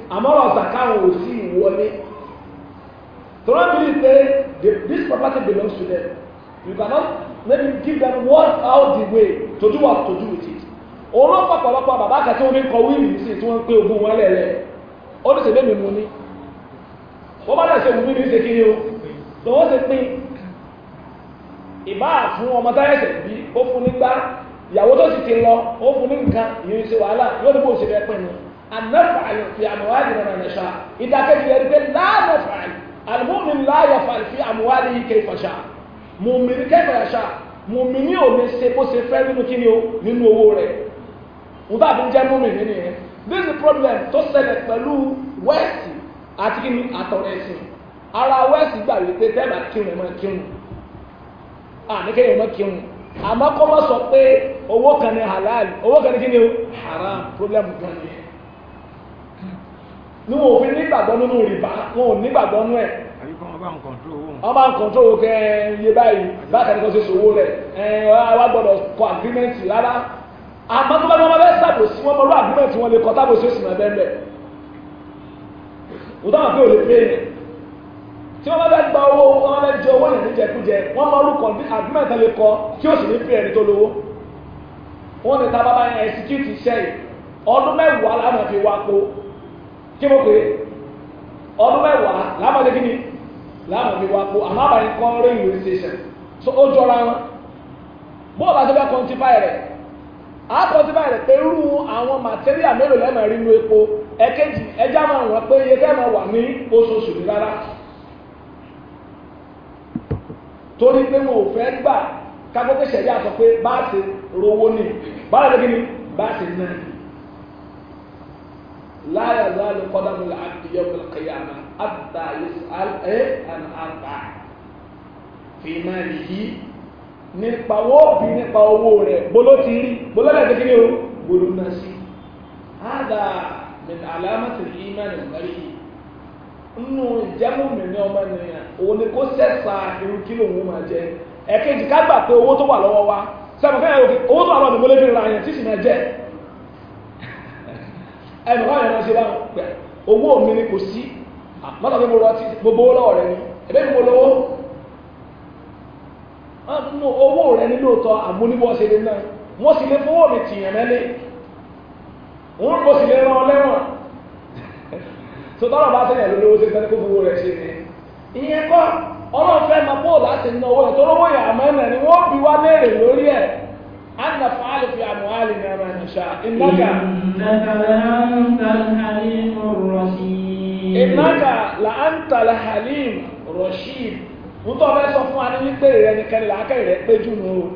àmọ́rọ̀ sàkáwọn ò sí ìwọlé tọ́lá mi lè pé this property belongs to them you cannot maybe give them one out the way to do what to do with it òun ló pàpàlọpà bàbá kan tí wọ́n fi ń kọ wíìlì sí tí wọ́n ń pé ogún wọn lẹ́lẹ́ ó ní sèbémi mu ní wọ́n bá dàṣe òun ní ṣe kí ni o lọ́wọ́ ti pín ìbá fún ọmọ táyẹ̀sẹ̀ bí ó fún nígbà ìyàwó tó sì ti lọ ó fún ní nǹkan ìyẹn ṣe wàhálà yóò ní bó ṣe fẹ́ pín ni anafaalu fi amuwaali nana nasa ìdákẹ́jì yẹn pé lánàfaalu alimọ́mi láyàfaalu fi amuwaali yìí kẹfà sa mùmìnì kẹfà sa mùmìnì ò ní ṣe bó ṣe fẹ́ وذا kíni o nínú owó rẹ̀ wọ́n bá fi jẹ́ mùmìnì nìyẹn this is problem tó ṣẹlẹ̀ pẹ̀lú wẹ́ẹ̀sì àti kíni àtọ̀rẹ̀ ẹ̀sìn ara wẹ́ẹ̀sì gbà wípé tẹ́lá kírun ẹ̀ máa kírun àníkẹ́yẹ̀ máa kírun àmọ́ kọ́ máa sọ pé owó kan ní halal owó kan ní kíni o haram problem gan ni ní wọn ò fi nígbàgbọ́ nínú rìbá wọn ò nígbàgbọ́ nínú ẹ̀ wọ́n bá ń kọ̀ntró owó kẹ́ iye báyìí bákan ní kò ṣe ṣòwò rẹ̀ ẹ̀ wá gbọ́dọ̀ kọ àgírímẹ́ǹtì rárá àmọ́ tó bá ní wọ́n bá fẹ́ sàbò sí wọn mọ̀rọ̀ àgírímẹ́ǹtì wọn lè kọ́ tábò sí òsì náà bẹ́ẹ̀ bẹ́ẹ̀ wọ́n dáhùn pé ò lè pé yẹn tí wọ́n bá fẹ́ gba owó wọ́n bá fẹ́ jẹ owó yẹn níjẹkújẹ wọ́n mọ orúkọ àgírímẹ́ǹtì lè kọ tí ó sì ní pé ẹni tó lówó wọ́n ní tábàbá yẹn execute iṣẹ́ yìí ọdún mẹ́wàá láwọn fi wá po kí mo pè é ọdún mẹ́wàá lámàdé kí ni lámàdé wa kó àmọ́ àbáyé kan rẹ́yìn lórí so ó jọra wọn bóòlù àti bẹ́ẹ̀ kọ́ńtífáì rẹ̀ á kọ́ńtífáì rẹ̀ pé irú àwọn màtẹ́ríà mélòó lẹ́mọ̀ rí inú epo ẹ̀kejì ẹja máa wọ̀ pé iye tẹ́ẹ̀ máa wà ní oṣooṣù ní rárá torí pé wọn ò fẹ́ gbà kápẹ́kẹ́ sẹ̀rí àsọ pé bá a ṣe rówó ní bá náà لا يزال قدم العبد يوم القيامة حتى يسأل إيه أن أربع في ماله nípa owó bí nípa owó rẹ̀ bolo ti rí bolo náà kékeré o bolo náà sí. hada min alamati iman ìgbàlè nínú ìjẹ́mú mi ní ọmọ ènìyàn òun ni kó sẹ́sà irú kílò òun máa jẹ ẹ̀kejì ká gbà pé owó tó wà lọ́wọ́ wa sẹ́mi fẹ́ẹ́ owó tó wà lọ́wọ́ mi bolo fi ra yẹn tí sì máa ẹnu wà lẹ́nu ṣe báwọn pẹ̀ owó mi ni kò sí mọ́tò mi lọ ti gbogbo owó lọ́wọ́ rẹ ni ẹ̀bẹ́ mi mo lọ́wọ́ owó rẹ ni lóòótọ́ àmúnibọ́sẹ̀ lé náà wọ́n sì lè fowó mi tìyàn mẹ́lẹ́ wọ́n kò sì lè rán ọ lẹ́wọ̀n tó tọrọ bá sẹ́yìn ló lówó sẹ́yìn fowó rẹ̀ ṣe ni ìyẹn kọ́ ọlọ́run fẹ́ máa bóòlù láti ná owó rẹ̀ tó lówó yàrá mẹ́rin ni wọ́n bí wá léèrè lórí ẹ̀ أن نفعل في أموالنا ما نشاء إنك إنك لأنت الحليم الرشيد إنك لأنت الحليم الرشيد nítorí ọbẹ̀ sọ fún wa ní wípé rẹ nìkan ni làákàyè rẹ pé jù nù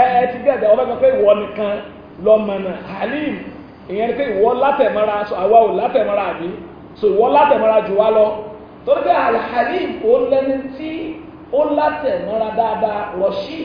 ẹ ẹ ti dẹ̀dẹ̀ ọbẹ̀ kan pé ìwọ nìkan lọ́mọ̀nà halim ìyẹn pé ìwọ látẹ̀mọ́ra àwa ò látẹ̀mọ́ra àbí so ìwọ látẹ̀mọ́ra jù wá lọ torí pé alhalim ó lẹ́ni tí ó látẹ̀mọ́ra dáadáa rọ̀ṣíì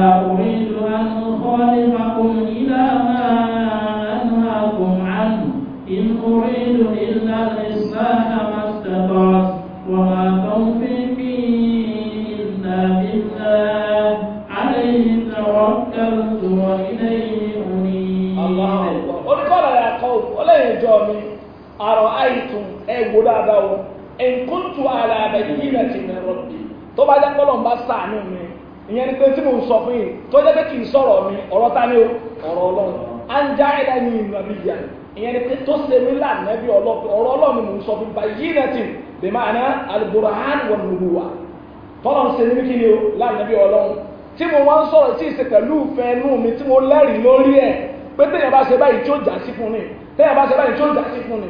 àrọ̀ àìtùn ẹ̀wò dáadáa o ẹ̀ǹkóńtù ara àbẹ̀yìn ilẹ̀ ti nà ẹ̀rọ bì tó bá jẹ́ kọ́lọ̀ bá sàánú mi ìyẹn ni pé tí mo ń sọ fún yìí tó jẹ́ pé kì í sọ̀rọ̀ mi ọ̀rọ̀ ta ni o ọ̀rọ̀ ọlọ́run á ń já ẹ̀dá ní ìlú àbíyá ìyẹn ni pé tó ṣe mí lànà bí ọ̀rọ̀ ọlọ́run ni mo ń sọ fún báyìí náà ti bè máa ná al-Qur'an wà lóru wa tọ́lọ̀ ń ṣe ní ni o lànà bí ọlọ́run tí mo wá ń sọ̀rọ̀ tí bá ṣe báyìí tí ó jà sí fún ni téèyàn bá ṣe báyìí tí ó jà sí fún ni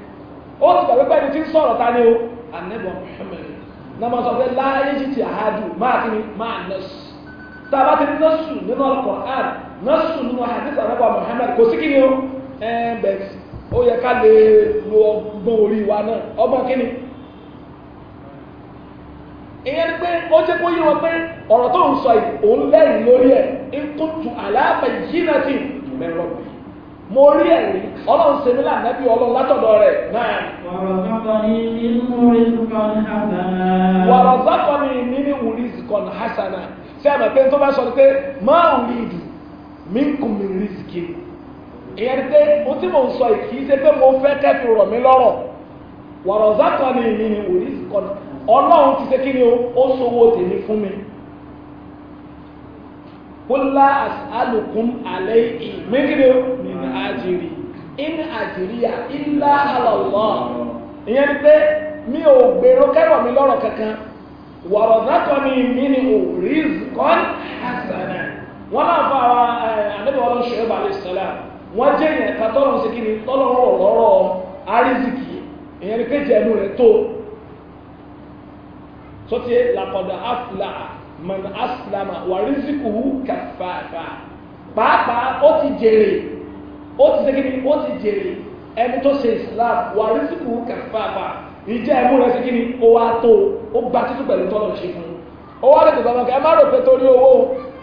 ó ti gbàgbé pẹ́ni tí ń sọ̀rọ̀ ta ni o ànẹ́bọ̀ Muhammad nàmọ́ sọ pé láyé jí ti àádù máa kí ni máa nọ́ọ̀sì tá a bá ti ní nọ́ọ̀sù nínú Al-Qur'an nọ́ọ̀sù nínú hadith ànẹ́bọ̀ Muhammad kò sí kí ni o bẹ́ẹ̀ ó yẹ ká lè lo ọgbọ́n orí wa náà ọgbọ́n kí ni ìyẹn ni pé ó jẹ́ kó yé wọn pé ọ̀rọ̀ tó ń sọ yìí òun lẹ́yìn lórí ẹ̀ ń kó tu yìí mo rí ẹ̀rí ọlọ́run ṣe mí lànàbí ọlọ́run látọ̀dọ̀ rẹ̀ náà. ní ní wùrí hasana ṣé àmọ̀ pé tó bá sọ pé máa ń rí ìdù mí ń mí rí ìyẹn pé mo tí mò ń sọ kì ṣe pé mo fẹ́ kẹ́fì rọ̀ mí lọ́rọ̀ wọ̀rọ̀ sọ́kọ̀ ní ní wùrí ọlọ́run ti ṣe ni ó kúlá as'alukum alayhi mẹ́kìlẹ̀ min ajri in ajriya illa ala Allah ìyẹn ni pé mi ò gbèrò kẹ́rọ̀ mi lọ́rọ̀ kankan warazaqani minhu rizqan hasanan wọ́n náà fà wá àdébọ̀ ọlọ́run Ṣuaibu alayhi salam wọ́n jẹ́ ìyẹn ká tọ́lọ́run sí kí ni tọ́lọ́run ọ̀rọ̀ ìyẹn ni pé jẹ́ ẹnu rẹ̀ tó sọ́tí làkọ̀dà afúlà man aslama wà rizikuhu kàfàfà pàápàá ó ti jèrè ó ti sẹ́kìnì ó ti jèrè ẹni tó ṣe islam wà rizikuhu kàfàfà ìjẹ́ ẹ̀mú rẹ̀ sẹ́kìnì ó wá tó ó gba títú pẹ̀lú tọ́lọ̀ ṣe fún un ó wá lè tẹ̀sán lọ́kẹ́ ẹ má rò pé torí owó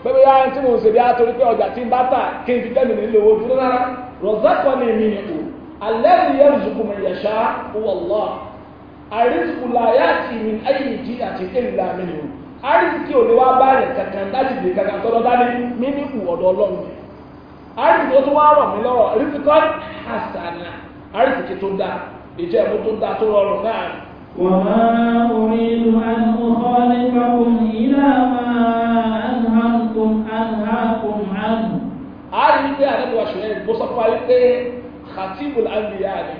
pẹ́pẹ́ yára tí mo ń ṣe bí a pé ọjà tí ń bá tà kí n fi tẹ́lẹ̀ nílò owó dúró rárá rọ̀zákọ́ ni mi ni o alẹ́rìí yẹn rìzùkú mi yẹ̀ ṣá wọ́lọ́ àrísùkú làyà tì mí ayé ìjì àti kéèlà mi o àrísìkí ò ní wá bá rẹ̀ kankan láti gbé kankan tọ́lọ́ dání mímí kù ọ̀dọ̀ ọlọ́run àrísìkí ó tún wá rọ̀ mí lọ́rọ̀ rífikọ́ àsànà àrísìkí tó dáa ìjẹ́ ìmú tó dáa tó rọrùn náà. wàá orí ìlú àìmọ̀kọ́ nípa omi ilá máa ń hàn kún àhàkùn hàn. pé àdébò àṣùwẹ̀ ìbò sọ fún wa pé khatibul anbiya ni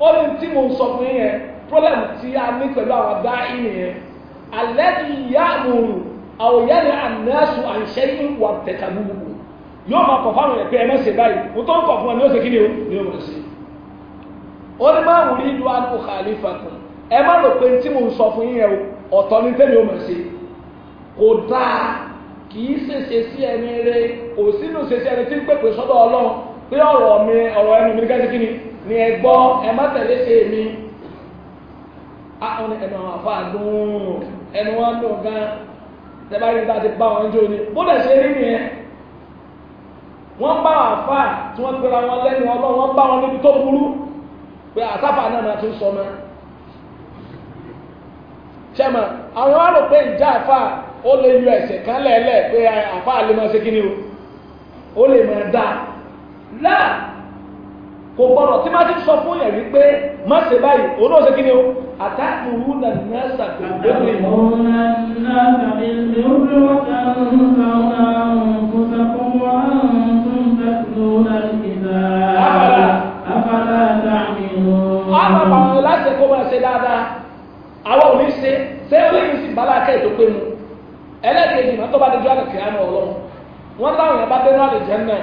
ó ní tí mo sọ fún yẹn problem tí a ní pẹ̀lú àwọn dá ìnìyẹn alẹ́bí ìyá àmúrù àwòyẹ́ ni ànẹ́sù àṣẹ ìwà tẹ̀tàmú yóò máa kọ̀ fáwọn ẹ̀pẹ́ ẹmẹ́sẹ̀ báyìí mo tó ń kọ̀ fún ẹ ní ó ṣe kí ni ó ní ó máa ṣe ó ní máa wùrí ìlú àdúgbò khalifa kan ẹ má rò pé tí mo ń sọ fún yín ẹ ọ̀tọ̀ ní tẹ́lẹ̀ ó máa ṣe kò dáa kì í ṣèṣe sí ẹni rẹ kò sínú ṣèṣe ẹni tí ń pèpè sọ́dọ̀ ọlọ́run pé ọ̀rọ̀ mi ọ̀rọ̀ ẹnu mi ní kí ni ni ẹ mi. àwọn ẹnu àwọn ẹnu wọn dùn gan tẹ́bá ta ti bá wọn jó ni bó dẹ̀ ṣe rí nìyẹn wọn bá tí wọ́n pera wọn lẹ́nu wọ́n bá wọn níbi tó burú pé àsáfà náà máa tún sọ mọ́ sẹ́mà àwọn àrò pé ìjà àfa ó lè yọ ẹsẹ kan lẹ́ẹ̀lẹ́ pé àfa lè máa ṣe o ó lè máa kò gbọ́dọ̀ tí má ti sọ fún yẹn wípé má ṣe báyìí òun náà ṣe kí ni o àtàkùrú nà ní àṣà kò gbé mi. Àwọn àpamọ́ láti kó máa ṣe dáadáa, àwọn ò ní ṣe, ṣé ó lè fi bàbá akẹ́ tó pé mu? Ẹlẹ́kẹ̀ẹ́jì máa tó bá dojú àlùkè àná ọlọ́run. Wọ́n táwọn yẹn bá dénú àlùjẹ́ náà.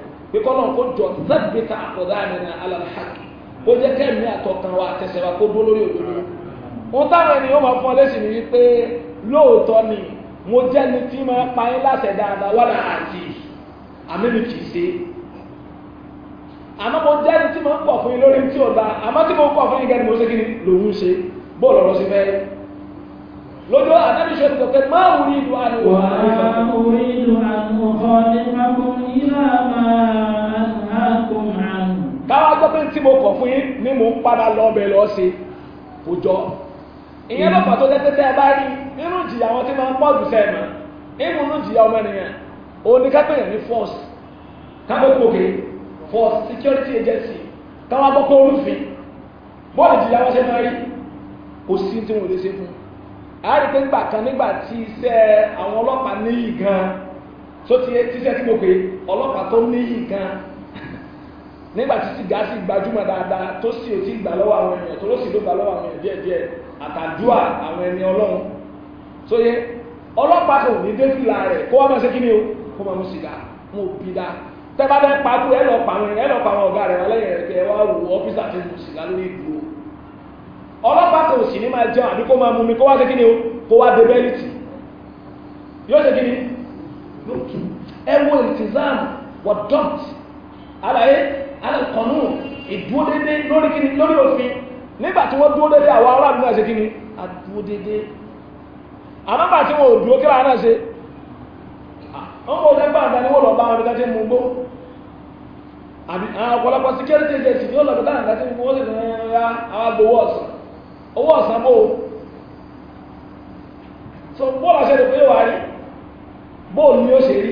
bíkọ́nà kó jọ sábẹ́ta àkọ́dá mi ní alàlhàk kó jẹ́ kẹ́mi àtọkàn wa àtẹsẹ̀ wa kó dúró lórí òdodo. ohun táwọn ènìyàn máa fún ọ lẹ́sìn yìí pé lóòótọ́ ni mo jẹ́ ni tí máa pa yín láṣẹ dáadáa wà láàjì àmì mi kì í ṣe. àmọ́ mo jẹ́ ni tí máa ń fún yín lórí tí ò da àmọ́ tí mo pọ̀ fún yín gẹ́gẹ́ ni mo ṣe kí ni lòun ṣe bóòlù ọ̀rọ̀ sí fẹ́ẹ́ lójú ànábì ṣe sọ pé má wù ní ìlú àná wà á wù ní ìlú àná ọ̀hún ní mabọ̀ nílá máa àkùn ni mò ń padà lọ ọbẹ̀ lọ sí kò jọ ìyẹn ló fà tó tẹ́tẹ́ tẹ́ ẹ bá rí nínú ìjìyà wọn tí máa ń pọ̀ jù sẹ́ẹ̀ mọ́ nínú ìjìyà ọmọ ènìyàn òun ni kápẹ́yàn ní force kápẹ́kòkè force security agency káwá gbọ́ pé olùfin bọ́ọ̀lù ìjìyà wọn ṣe máa rí kò sí tí wọn ò lè ṣe fún un a rí pé nígbà kan nígbà tí iṣẹ́ àwọn ọlọ́pàá níyì gan tó ti tíṣẹ́ tí mo pè ọlọ́pàá tó níyì gan nígbà tí sìgá sì gbajúmọ̀ dáadáa tó sì ò tí gbà lọ́wọ́ àwọn èèyàn tó ló sì ló gbà lọ́wọ́ àwọn èèyàn díẹ̀díẹ̀ àtàdúà àwọn ẹni ọlọ́run tó yẹ ọlọ́pàá kò ní dé fìlà rẹ̀ kó wá máa ṣe kí ni o kó máa mú sìgá mú bí dáa tẹ́bàdẹ́ pàtó ẹ lọ pa àwọn ẹ lọ pa àwọn ọ̀gá rẹ̀ wá lẹ́yìn rẹ̀ kẹ́ wá wo ọ́fíìsà tó mú sìgá lórí ìdúró ọlọ́pàá kò sì ní máa jẹun àbí kó máa mú mi kó wá kékeré o kó wá dé bẹ́ẹ̀lìtì yóò ṣe kí ni lókè ẹwọ ìtìzám wọ dọ́t àlàyé alẹ́kọ̀ọ́nù ìdúódédé lórí kí ni lórí òfin nígbà tí wọ́n dúódédé àwọn aráàlú náà ṣe kí ni adúódédé àmọ́gbà tí wọ́n ò dúó kí láàrín náà ṣe wọ́n mọ̀ ọdẹ bá àdáni wọ́n lọ bá wọn bíkà tí mú gbó àbí àwọn ọ̀pọ̀lọpọ̀ security agency ní ọ̀lọ́gbẹ̀dá àdáni wọ́n sì rẹ̀ rẹ̀ rẹ̀ àwọn agbowó ọ̀sán owó ọ̀sán o so bóòlù àṣẹ rẹ̀ pé rí ni ó ṣe rí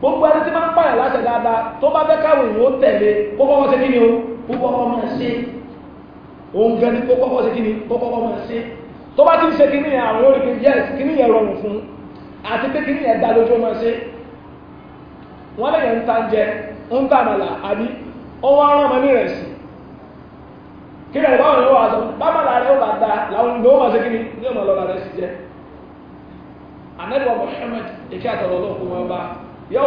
gbogbo ẹni tí máa ń pààyàn láṣẹ dáadáa tó bá fẹ́ káwọn èèyàn ó tẹ̀lé kó kọ́kọ́ ṣe kí ni o kó kọ́kọ́ máa ṣe òun gan ni kó kọ́kọ́ kí ni kó kọ́kọ́ ṣe tó bá ti ṣe kí ni àwọn orí kí ni yẹn rọrùn fún àti pé kí ni yẹn dá lójú ṣe lè yẹn ń ta jẹ ń àbí ó wá rán ọmọ ní kíkà lè báwọn ìwọ àṣọ bábà làárẹ̀ ó bàtà làwọn ìgbà ó máa kí ni ní ọmọ lọ́la rẹ̀ sì jẹ́ anabiwa Muhammad èké wọn bá bí a tó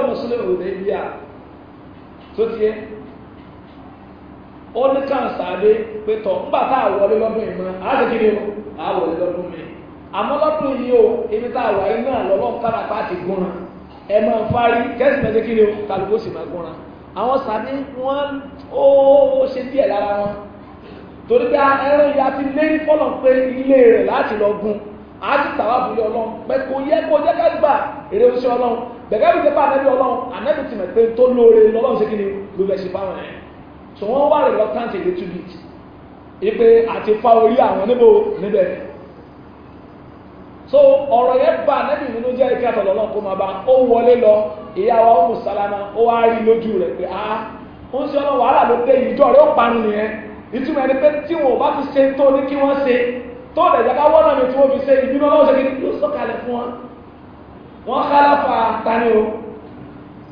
ó ní pé tọ̀ lọ́dún yìí mọ́ a o a lọ́dún mi àmọ́ lọ́dún yìí o ibi tá a náà lọ́wọ́ kára pa ti gúnra ẹ máa kẹ́sì torí pé ẹran ya ti lé ní fọ́lọ̀ pé ilé rẹ̀ láti lọ gun a ti tàwa bùlẹ̀ ọlọ́run pé kò yẹ kó jẹ́ ká gbà èrè oṣù ọlọ́run bẹ̀gẹ́ bí pépà ànẹ́bí ọlọ́run ànẹ́bí ti mẹ̀ pé tó lóore lọ́lọ́run ṣe kí ni ló lẹ̀ fáwọn ẹ̀ so wọ́n wà rẹ̀ lọ́tàn ṣe létú bìt ipe àti fa orí àwọn níbo níbẹ̀ so ọ̀rọ̀ yẹn bá ànẹ́bí mi ló jẹ́ ike àtọ̀lọ́lọ́run kó máa bá ó wọlé lọ ìyá wa ó mú sálámà ó wá rí lójú rẹ̀ pé ah ó ń ṣe ọlọ́run wàhálà ló dé ìjọ rẹ̀ ó parun nìyẹn ìtumọ̀ ẹni pé tí wọn ò bá ti ṣe tó ní kí wọ́n ṣe tó lè jẹ́ ká wọ́nà mi tí wọ́n fi ṣe ìbínú ọlọ́wọ́ ṣe kí yóò sọ̀kalẹ̀ fún wọn wọ́n khalafa tani o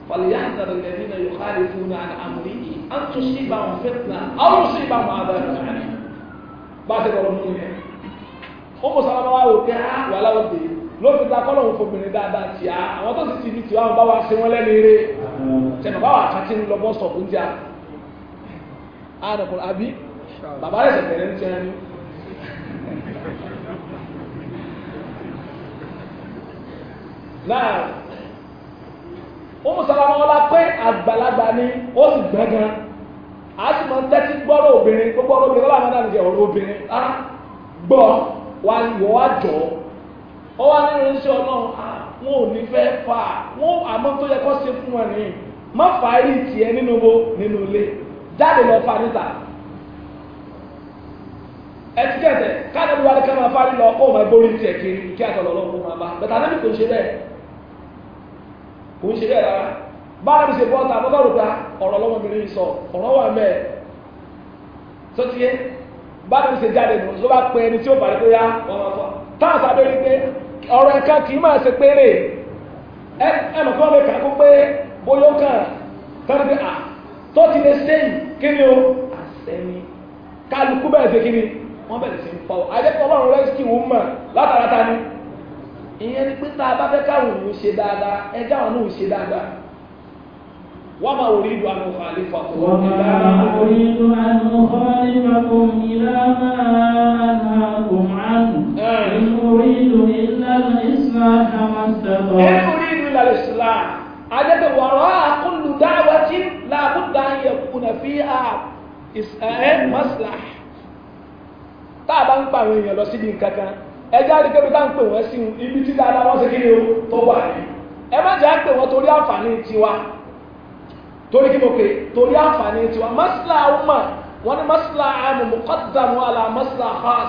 فليحذر الذين يخالفون عن امره ان تصيبهم فتنه او يصيبهم عذاب اليم بعد ta kọ́ lóun fòmìnir dáadáa tì á ah, àwọn tó sì ti di tì wá bá wa wọn lẹ́nu eré tẹnu báwa àti lọ́bọ̀ sọ̀kúndíà á nà àbí bàbá rẹ̀ tẹ̀tẹ̀rẹ̀ ń tẹ́ ẹni náà ó mùsàlámà ọlá pé àgbàlagbà ni ó sì gbẹ̀gàn a sì máa ń tẹ́tí gbọ́rọ̀ obìnrin gbogbo ọ̀rọ̀ obìnrin láwọn náà ń jẹ ọ̀rọ̀ obìnrin á gbọ́ wa yọ̀ wá jọ̀ ọ wá nínú iṣẹ́ ọlọ́run wọn ò ní fẹ́ fà á wọn àmọ́ tó yẹ kó ṣe fún wọn nìyí má fà á rí tiẹ̀ nínú bo nínú ilé jáde lọ fà níta ẹtikẹtẹ káàdé ka ká máa fárí lọ kó máa borí kiri kí àtọ lọlọ kó máa bá bàtà anábì kò ń ṣe bẹ́ẹ̀ kò ń ṣe bẹ́ẹ̀ rárá bára mi ṣe bọ́ ta mọ́tò rògbà ọ̀rọ̀ lọ́mọbìnrin yìí sọ ọ̀rọ̀ wà mẹ́ẹ̀ sọtiyé ṣe jáde nù bá pẹ ẹni tí ó tó yá wọn fọ pé ọ̀rọ̀ kì í máa ṣe péré ẹ ṣe wọ́n bẹ̀rẹ̀ sí ń pa ọ́ àjẹpọ̀ ọlọ́run rẹ́síkì wọn mọ̀ látara ta ni ìyẹn ni pé tá a bá fẹ́ káwọn òun ṣe dáadáa ẹjẹ́ àwọn òun ṣe dáadáa wọ́n máa wòlé ìdù àwọn ọ̀fà àlefà tó wọ́n ti dáadáa. wọ́n máa wòlé àwọn ọ̀fà àlefà tó ń ilá máa ná òmùránù. ìmúrí ìdù ìlànà islam kàmáṣẹ́tọ̀. ìmúrí ìdù ìlànà islam adẹ́tẹ̀ wọ̀rọ̀ àkúndùdáwà làbúdà yẹ kùnà fi hà mọ́sàlá. tá a bá ń pa èèyàn lọ síbi nǹkan kan ẹjẹ́ àdìgbẹ́bí tá ń pè wọ́n sí ibi tí dáadáa wọ́n ṣe kí ni tó wà ní. ẹ má jẹ́ torí àǹfààní tiwa torí kí mo pè torí àǹfààní tiwa masla umma wọn ni masla amu muqaddamu ala masla àǹfààní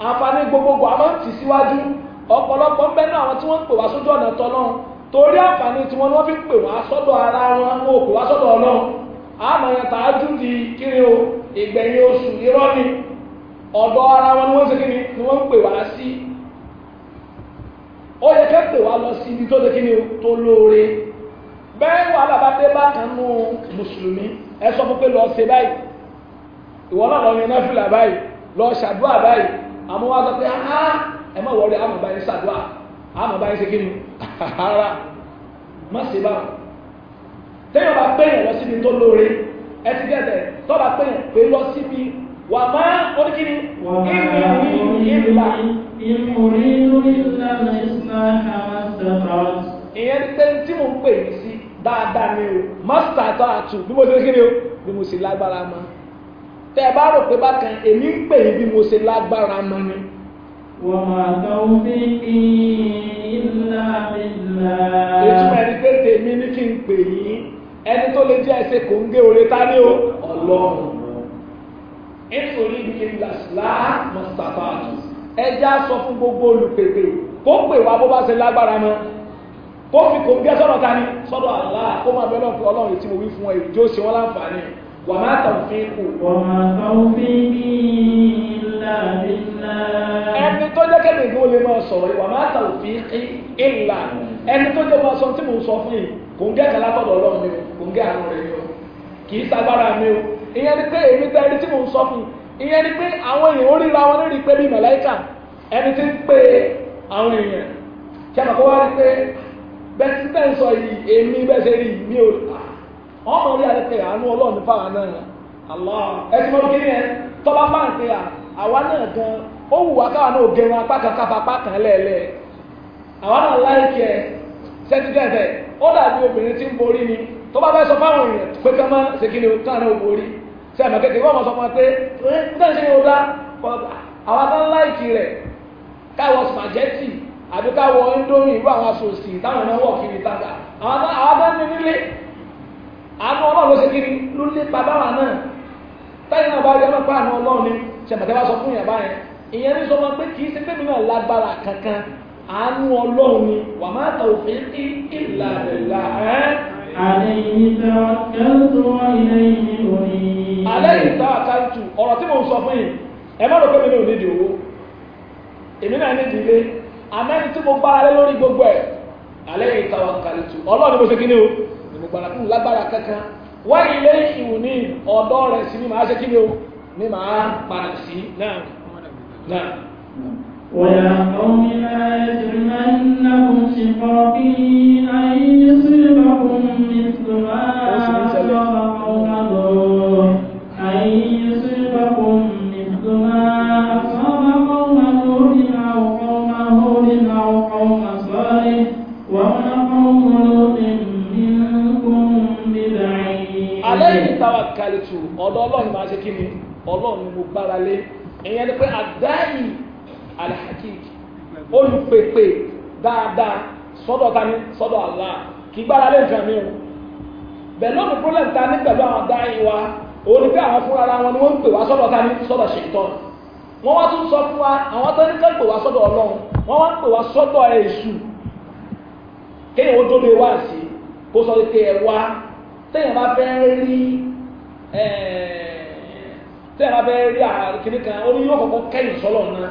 a máa ń tì síwájú ọ̀pọ̀lọpọ̀ ń bẹ náà àwọn tí wọ́n ń pè wá sójú ọ̀nà torí àǹfààní tiwọn ni wọ́n fi pè wá sọ́dọ̀ ara wọn wọn wá sọ́dọ̀ àmọ̀ o ìgbẹ̀yìn oṣù irọ́ ọ̀dọ̀ ara wọn ni wọ́n ń ṣe ni ni wọ́n ń pè wá sí ó yẹ pè wá lọ sí ibi tó ṣe ni tó lóore bẹ́ẹ̀ wà lábàdé bákan nù mùsùlùmí ẹ sọ fún pé lọ báyìí ìwọ náà lọ náfìlà báyìí lọ báyìí àmọ́ wá sọ pé á ẹ má wọlé báyìí báyìí ni ara má ṣe báwọn téèyàn bá péyàn lọ tó lóore ẹ ti gẹ́gẹ́ pé lọ wà má oníkíní ìyẹn pé tí mo ń pè ní sí dáadáa ni o mọ́sítà tó àtù bí mo ṣe kí ni o bí mo ṣe lágbára mọ́ tẹ́ ẹ bá rò pé bákan èmi ń pè ní bí mo ṣe lágbára mọ́ ni. Wàmà tọ́wọ́fíkì ìlà ìlà. Ìtumọ̀ ẹni pé tèmi ní kí n pè yín ẹni tó lè jẹ́ ẹsẹ̀ kò ń gé oore tá ní o ọlọ́run nítorí ìlàsílá mọ̀sàfàtù ẹja sọ fún gbogbo olùpèpè kó pè wá bó bá ṣe lágbára mọ́ kó fi kò ń gẹ́ sọ́dọ̀ ta ni sọ́dọ̀ àlá kó máa bẹ́ẹ̀ lọ́pọ̀ ọlọ́run tí mo wí fún ẹ ìjó ṣe wọ́n láǹfààní wà má tàn fi kù. ẹni tó jẹ́ kẹ́mi ìgbó lè máa sọ̀rọ̀ wà má tàn fi ìlà ẹni tó jẹ́ máa sọ tí mo sọ fún yìí kò ń gẹ́ kàlá ọlọ́run mi kò ń gẹ́ àrùn rẹ̀ yọ kì í sagbára mi o ìyẹn ni pé èmi tẹ́ ẹni tí mò ń sọ fún ìyẹn ni pé àwọn èèyàn ó ríra wọn lórí pé bí màláìkà ẹni tí ń pè àwọn èèyàn kí mi mọ̀ rí àánú ọlọ́run fáwọn náà ni ẹ tọ́ba bá ń pè àwa náà gan ó wù wá káwa náà gẹrun apá kan káfa apá kan lẹ́ẹ̀lẹ́ àwa náà láìkẹ́ sẹ́tìgẹ́tẹ̀ ó dàbí ni bá sọ fáwọn èèyàn pé ṣe àmọ́ kékeré wọ́n mọ̀ sọ fún wa pé ẹ́ kúta ṣe yóò dá àwọn tó ń láìkì rẹ̀ káwọ spaghetti àbí káwọ indomie ìlú àwọn asòsì táwọn náà wọ̀ kiri tága àwọn tó ń ní nílé àánú ọlọ́run ló ṣe kiri ló lé pa náà táyìn náà bá rí ọlọ́pàá àánú ọlọ́run ni ṣe àmọ́ tẹ́wá sọ fún ìyàbá yẹn ìyẹn ní sọ ma pé kì í ṣe pẹ́mi náà lágbára kankan àánú ọlọ́run ni wàmátà òfin عليه توكلت وإليه أنيب عليه توكلت ọ̀rọ̀ tí mo sọ fún yìí ẹ má rò pé mi ò nídìí owó èmi náà àmẹ́ni tí mo gbára lé lórí gbogbo ẹ̀ عليه توكلت ọlọ́ọ̀ni mo ṣe kí ni o ni mo gbára fún lágbára kankan ọ̀dọ́ rẹ̀ sí ni màá ṣe kí ni o ويا قوم لا يجرمنكم شقاقي أن يصيبكم مثل ما أصاب قوم نوح أن يصيبكم مثل ما أصاب قوم نوح أو قوم هود أو قوم صالح وما قوم لوط منكم ببعيد. عليه توكلت ọ̀dọ̀ Ọlọ́run máa ṣe kí ni Ọlọ́run ni mo gbára lé ìyẹn ni pé àdáyìí alhakik olùpèpè dáadáa sọ́dọ̀ tani sọ́dọ̀ Allah kì í gbára lé nǹkan mi o bẹ́ẹ̀ lónìí problem ta ní pẹ̀lú àwọn dáhìn wa òun ni pé àwọn fúnra wọn ni wọ́n ń pè wá sọ́dọ̀ tani sọ́dọ̀ ṣètọ́ wọ́n wá tún sọ fún wa àwọn tó ní ká pè wá sọ́dọ̀ ọlọ́run wọ́n wá ń pè wá sọ́dọ̀ èṣù kéèyàn ó dóbe wá sí kó sọ pé ẹ wá téèyàn bá fẹ́ rí téèyàn bá fẹ́ rí àkìní ó ní yóò kọ́kọ́ kẹ́yìn sọ́lọ̀ náà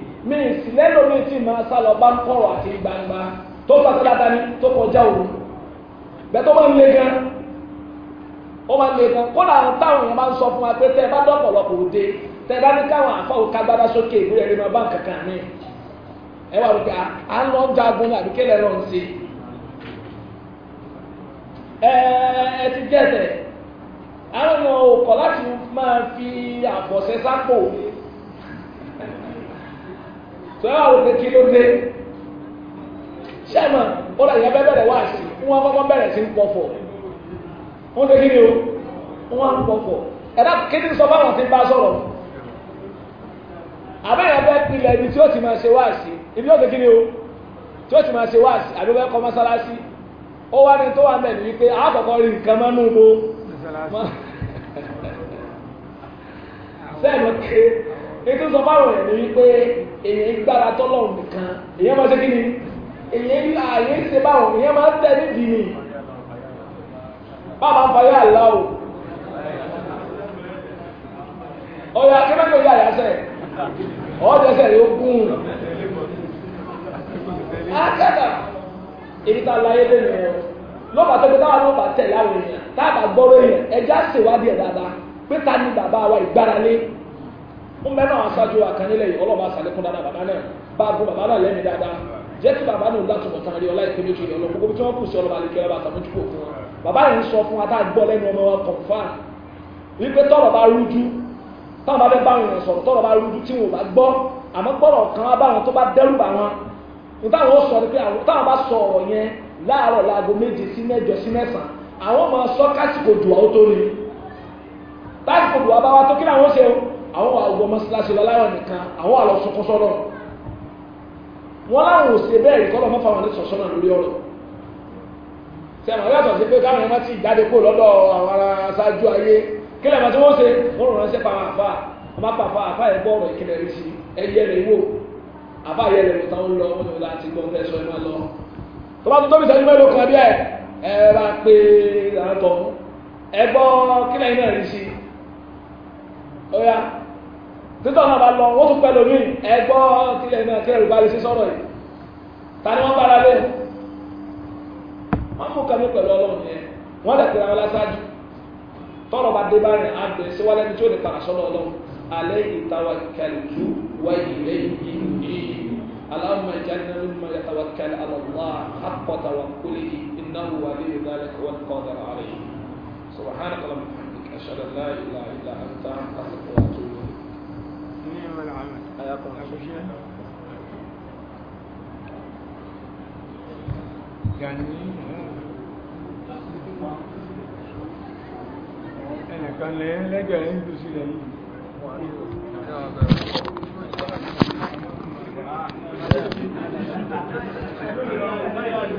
mi sì lẹ́nu mi ti máa sá lọ bá ń kọ̀rọ̀ àti gbangba tó pàtó ni tó kọjá òru bẹ́ẹ̀ tó máa ń le gan ó máa ń le gan táwọn máa ń sọ fún wa pé tẹ́ ẹ bá dọ́pọ̀lọpọ̀ òde tẹ́ ẹ bá ní káwọn sókè ìwúrẹ́ ẹ wà à ń lọ jagun ní àbíké lẹ́nu fi sápò sọ yà wò pé kí ló dé sẹ́mà ó dà yẹ bẹ́ẹ̀ bẹ̀rẹ̀ wá sí wọn kọ́kọ́ bẹ̀rẹ̀ sí ń pọ̀fọ̀ wọn tó kí ni o wọn ń pọ̀fọ̀ ẹ̀dá kéde sọ fáwọn tí ń bá sọ̀rọ̀ àbẹ̀yẹ bẹ́ẹ̀ pilẹ̀ ibi tí ó ti máa ṣe wá sí ibi ó tó kí ni o tí ó ti máa ṣe wá sí àbí bẹ́ẹ̀ kọ́ mọ́sálásí ó wá ní tó wà ń bẹ̀ ní wípé àkọ́kọ́ rí nǹkan máa nù bó sẹ́ẹ̀mù ké ètò sọfáwọn rẹ̀ ni wípé èyàn gbára tọ́lọ̀ nìkan èyàn máa ṣe kí ni èyàn ààyè ṣe báwọn èyàn máa tẹ́ nídìí ni bàbá o ọ̀yọ́ akẹ́kọ̀ọ́ yóò yóò gún un akẹ́kọ̀ọ́ láyé lọ́pàá tó táàbà gbọ́rọ̀ ẹja ṣèwádìí ẹ̀ dáadáa pé ta ni bàbá wa ń bẹ náà aṣáájú àkànnílẹ̀ yìí ọlọ́ba àṣàlékún dáadáa bàbá náà bá a bú bàbá náà lẹ́mìí dáadáa jẹ́ kí bàbá náà látùmọ̀ tán rí ọlá ìpè méjì ọlọ́ gbogbo tí wọ́n kù sí ọlọ́ba àlekẹ́ ọlọ́ba àṣàmójúkò fún wọn bàbá yìí ń sọ fún wa tá a gbọ́ lẹ́nu ọmọ wa kọ̀ǹfàn wípé tọ́rọ̀ bá rújú táwọn bá fẹ́ bá wọn sọ̀rọ̀ tọ́rọ̀ bá rújú tí wọn ò bá gbọ́ àmọ́ gbọ́rọ̀ kan wá bá wọn tó bá dẹ́rù bá wọn táwọn sọ ni pé táwọn bá sọ ọ̀rọ̀ yẹn láàárọ̀ láago méje sí mẹ́jọ sí mẹ́sàn-án àwọn máa sọ kásìkò dùwà ó tó ni kásìkò dùwà bá wa tó kí làwọn ṣe o àwọn àwọ̀ mọ́síláṣí lọ́láwọ̀ nìkan àwọn àlọ́ sọkọsọ́nà wọ́n láwọn òsè bẹ́ẹ̀ rí kọ́lọ̀ mọ́fà wọn ní sọ̀sọ́nà lórí ọ̀rọ̀ sẹ́wọ̀n yàtọ̀ sí pé káwọn ẹ̀mọ́ ti jáde kó lọ́dọ̀ àwọn aṣáájú ayé kílẹ̀ mọ́ tí wọ́n ṣe wọ́n rò ránṣẹ́ pa àfà ọmọ pàfà àfà ẹ̀ gbọ́ ọ̀rọ̀ ìkìlẹ̀ rí sí ẹyẹ rẹ̀ wò àfà ayẹ rẹ̀ wòtá ń lọ wọ́n ti láti gbọ́ fẹ́ sọ ẹ̀mọ́ lọ. tó bá tó tóbi sẹ́yìn mẹ́lòó kan bí ẹ ẹ bá pé ìlànà tọ̀ ẹ gbọ́ kílẹ̀ yín náà rí sí ọ̀yà títọ́ náà bá lọ wọ́n tún pẹ́ lómi ẹgbọ́ kílẹ̀ náà kílẹ̀ rúbá lè ṣe sọ́rọ̀ yìí ta ni wọ́n bára lé wọ́n mú kàmí pẹ̀lú ọlọ́run yẹn wọ́n dẹ̀ pèrè àwọn aláṣáájú tọrọ bá dé bá rìn àgbẹ̀ síwájú ẹni tí ó lè padà sọ́dọ̀ ọlọ́run alẹ́ ìtawà kẹlẹ̀tù wá ilé yìí aláwọ̀ ìjáde mímọ yàtàwà kẹlẹ̀ alọ́lá àpọ̀tàwà kúlẹ̀ ìnáwó wà حياكم أبو جهل يعني أنا كان لا لقى عنده سلاحين